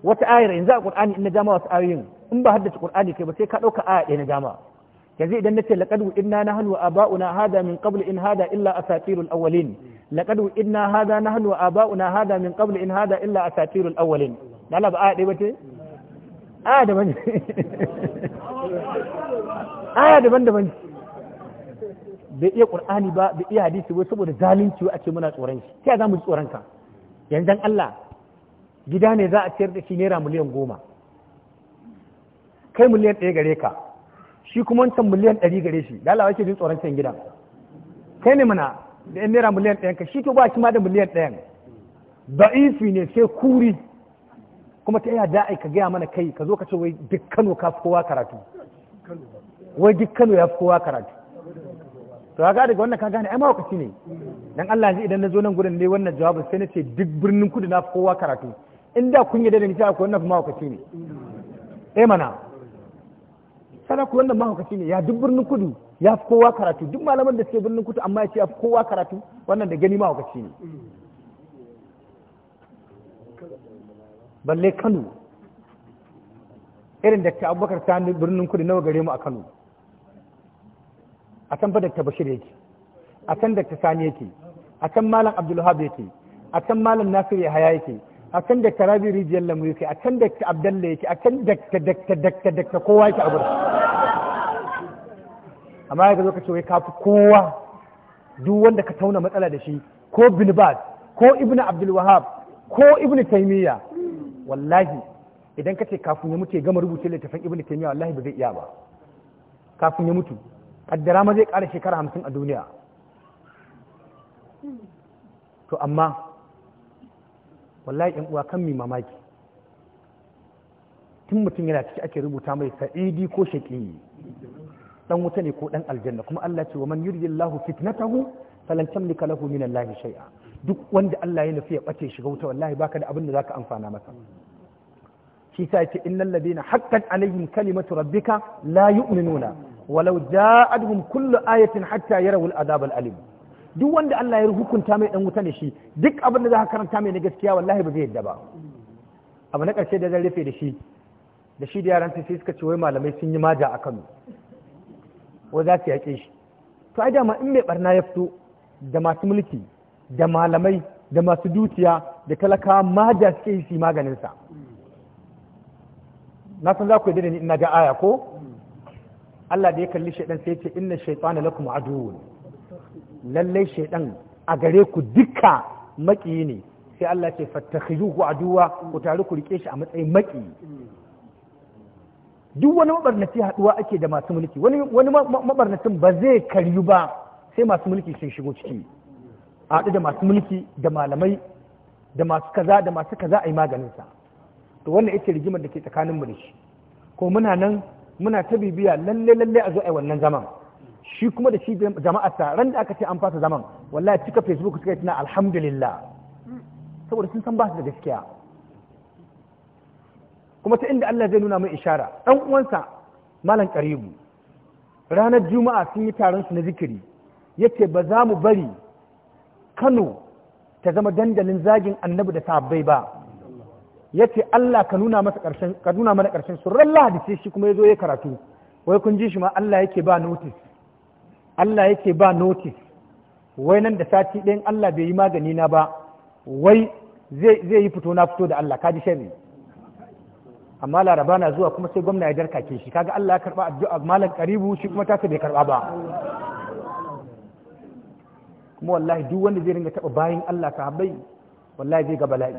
wata ayar yanzu a qur'ani in na jama wasu ayoyin in ba haddace qur'ani kai ba sai ka ɗauka aya ɗaya na jama yanzu idan nace laqad inna nahnu wa aba'una hada min qabl in hada illa asatirul awwalin laqad inna hada nahnu wa aba'una hada min qabl in hada illa asatirul awwalin da Allah ba aya ɗaya bace aya daban aya daban daban bai iya qur'ani ba bai iya hadisi ba saboda zalunci a ce muna tsoron shi ta za mu ji tsoron ka yanzu Allah gida ne za a ciyar da shi naira miliyan goma kai miliyan ɗaya gare ka shi kuma wancan miliyan ɗari gare shi lalawa ke jin tsoron can gidan kai ne mana da yan naira miliyan ɗayan ka shi to ba shi ma da miliyan ɗayan ifi ne sai kuri kuma ta yaya da'ai ka gaya mana kai ka zo ka ce wai duk kano ka fi kowa karatu wai duk kano ya fi kowa karatu to kaga daga wannan ka gane ai mawakaci ne dan Allah yanzu idan na zo nan gurin ne wannan jawabin sai na ce duk birnin kudu na kowa karatu inda kun yi da ni ta ko wannan mawakaci ne eh mana sana ku wannan mahaukaci ne ya duk birnin kudu ya fi kowa karatu duk malaman da suke birnin kudu amma ya ce ya fi kowa karatu wannan da gani mahaukaci ne balle kano irin da ta abubakar ta birnin kudu nawa gare mu a kano a fa badar Bashir yake a can Dr. Sani yake a can Malam Abdulhab yake a can Malam Nasir Yahaya yake akan Dr. Rabi Rijiyar Lamu yake can Dr. Abdalla yake akan Dr. dakta dakta dakta kowa yake a gurin amma ya zo ka wai kafi kowa duk wanda ka tauna matsala da shi ko Bin Baz ko Ibn Abdul Wahab ko Ibn taimiyya wallahi idan ka ce kafin ya mutu ya gama rubuce littafin Ibn Taymiyyah wallahi ba zai iya ba kafin ya mutu kaddara ma zai ƙara shekara hamsin a duniya to amma wallahi uwa kan mi mamaki tun mutum yana ciki ake rubuta mai sa'idi ko shaƙi dan wuta ne ko dan aljanna kuma Allah ce wa man yuridillahu fitnatahu falan tamlika lahu min Allah shay'a duk wanda Allah ya nufi ya bace shiga wuta wallahi baka da abin da zaka amfana masa shi sa yace innal ladina haqqat alaihim kalimatu rabbika la yu'minuna walau ja'adhum kullu ayatin hatta yarawul adab alim duk wanda Allah ya hukunta mai dan wuta ne shi duk abin da za karanta mai na gaskiya wallahi ba zai yadda ba abu na karshe da zan rufe da shi da shi da yaran sai suka ce wai malamai sun yi maja a Kano wai za su yaƙe shi to ai dama in mai barna ya fito da masu mulki da malamai da masu dukiya da talakawa maja suke yi su maganin sa na san za ku yi da ni ina ga aya ko Allah da ya kalli shaidan sai ce inna shaitana lakum aduwwun lallai shaidan a gare ku duka maki ne sai Allah ce fattakhizuhu aduwa ku taru ku rike shi a matsayin maki duk wani mabarnaci haduwa ake da masu mulki wani wani mabarnacin ba zai karyu ba sai masu mulki sun shigo ciki a da masu mulki da malamai da masu kaza da masu kaza a yi maganinsa to wannan ita rigimar da ke tsakanin mu da shi ko muna nan muna ta bibiya lalle lalle a zo a wannan zaman shi kuma da shi jama'a ta ran da aka ce an fasa zaman wallahi cika facebook suka yi alhamdulillah saboda sun san ba su da gaskiya kuma ta inda Allah zai nuna mai ishara dan uwansa malam karibu ranar juma'a sun yi taron su na zikiri yace ba za mu bari Kano ta zama dandalin zagin annabi da sahabbai ba ya ce Allah ka nuna mana ƙarshen su ran lahadi sai shi kuma ya zo ya karatu wai kun ji shi ma Allah yake ba notice Allah yake ba notice wai nan da sati ɗayan Allah bai yi magani na ba wai zai yi fito na fito da Allah kaji sharri amma laraba na zuwa kuma sai gwamna ya ke shi kaga Allah ya karba addu'a malam karibu shi kuma taka bai karba ba kuma wallahi duk wanda zai ringa taba bayan Allah sahabbai wallahi zai ga bala'i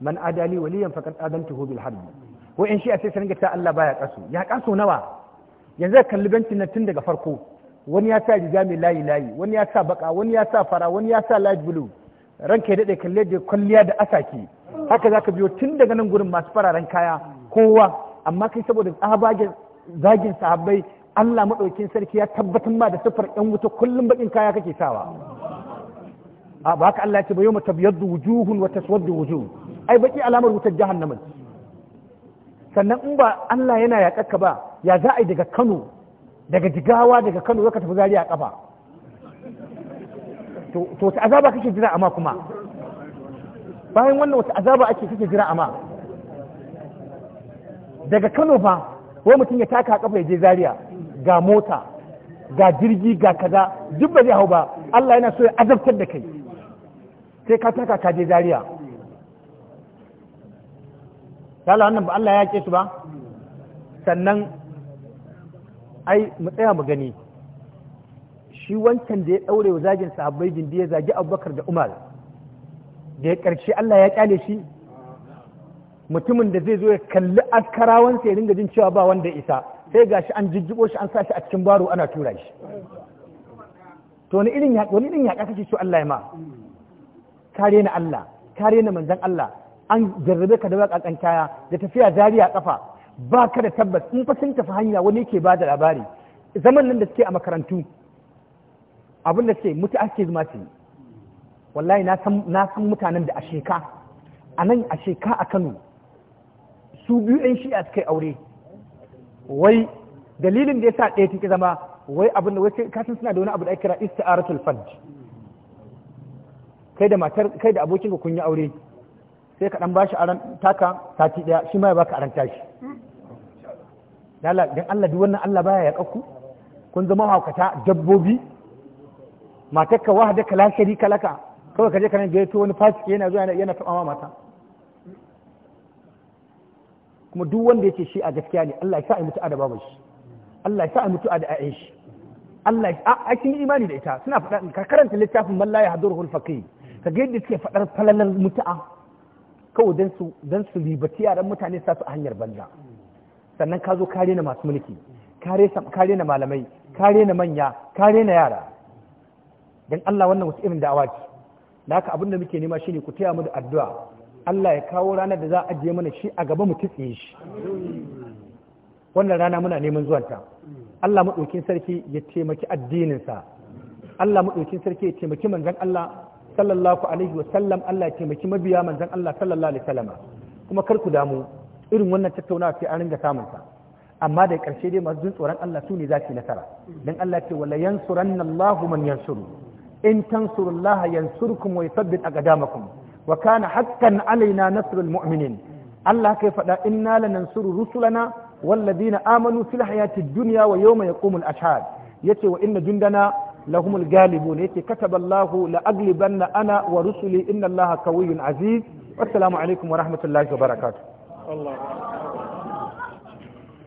man adali waliyan faqad adantuhu bil harbi ko in shi sai sanin ta Allah baya kasu ya kaso nawa yanzu ka kalli bencin nan tun daga farko wani ya sa riga mai layi layi wani ya sa baka wani ya sa fara wani ya sa light blue ranka ya dade kalle da kwalliya da asaki haka zaka biyo tun daga nan gurin masu fararen kaya kowa amma kai saboda tsabagen zagin sahabbai Allah madaukin sarki ya tabbatar ma da siffar ‘yan wuta kullum bakin kaya kake sawa. A ba haka Allah ce ba yau wujuhun wata suwar wujuhun. ai baki alamar wutar jahannama sannan in ba Allah yana yaƙarka ba ya za a yi daga Kano daga Jigawa daga Kano zaka tafi zariya kafa to to ta azaba kake jira amma kuma bayan wannan wata azaba ake kake jira amma daga Kano fa wai mutum ya taka kafa ya je zariya ga mota ga jirgi ga kaza duk ba zai hau ba Allah yana so ya azabtar da kai sai ka taka ka je zariya kala wannan ba Allah ya ke su ba sannan ai mu tsaya mu gani shi wancan da ya daure wa zagin sahabbai da ya zagi Abubakar da Umar da ya karshe Allah ya kyale shi mutumin da zai zo ya kalli askarawansa ya ringa jin cewa ba wanda isa sai gashi an jijjibo shi an sa shi a cikin baro ana tura shi to wani irin ya wani irin so Allah ya ma kare na Allah kare na manzon Allah an jarrabe ka da kan kaya da tafiya dariya kafa ba ka da tabbas in fa sun tafi hanya wani yake ba da labari zaman nan da suke a makarantu abin da suke mutu ake zuma ce wallahi na san mutanen da a sheka a nan a sheka a Kano su biyu ɗan shi'a suka suke aure wai dalilin da ya sa ɗaya take zama wai abin da wace kasan suna da wani abu da ake kira isti'aratul fard kai da matar kai da abokinka kun yi aure sai ka dan bashi aran taka sati daya shi ma ya baka aran tashi dan Allah duk wannan Allah baya ya kakku kun zama haukata dabbobi matakka wahdaka kala sharika laka kawai kaje je kana gaito wani fasik yana zuwa yana taba ma mata kuma duk wanda yake shi a gaskiya ne Allah ya sa a mutu da babu shi Allah ya sa a mutu da yin shi Allah a cikin imani da ita suna faɗa ka karanta littafin mallaya hadurul faqih ka yadda suke faɗar falalar mutu'a kawai don su don su yaran mutane sa su a hanyar banza sannan ka zo kare na masu mulki kare na malamai kare na manya kare na yara don Allah wannan wasu irin da'awa ce da haka abin muke nema shine ku taya mu da addu'a Allah ya kawo ranar da za a ajiye mana shi a gaba mu kitse shi wannan rana muna neman zuwanta Allah maɗaukin sarki ya taimaki addininsa Allah maɗaukin sarki ya taimaki manzon Allah sallallahu alaihi wa sallam Allah ya taimaki mabiya manzon Allah sallallahu alaihi wasallam kuma kar ku damu irin wannan tattaunawa sai an ringa samun sa amma da ƙarshe dai masu jin tsoron Allah su ne za su nasara dan Allah ce wala yansuranna Allahu man yansuru in tansurullaha yansurkum wa yuthabbit aqdamakum wa kana haqqan alaina nasrul mu'minin Allah kai faɗa inna lanansuru rusulana wal ladina amanu fil hayatid dunya wa yawma yaqumul ashhad yace wa inna jundana lahumul galibun yake kataballahu la aglibanna ana wa rusuli inna allaha qawiyyun aziz assalamu alaikum wa rahmatullahi wa barakatuh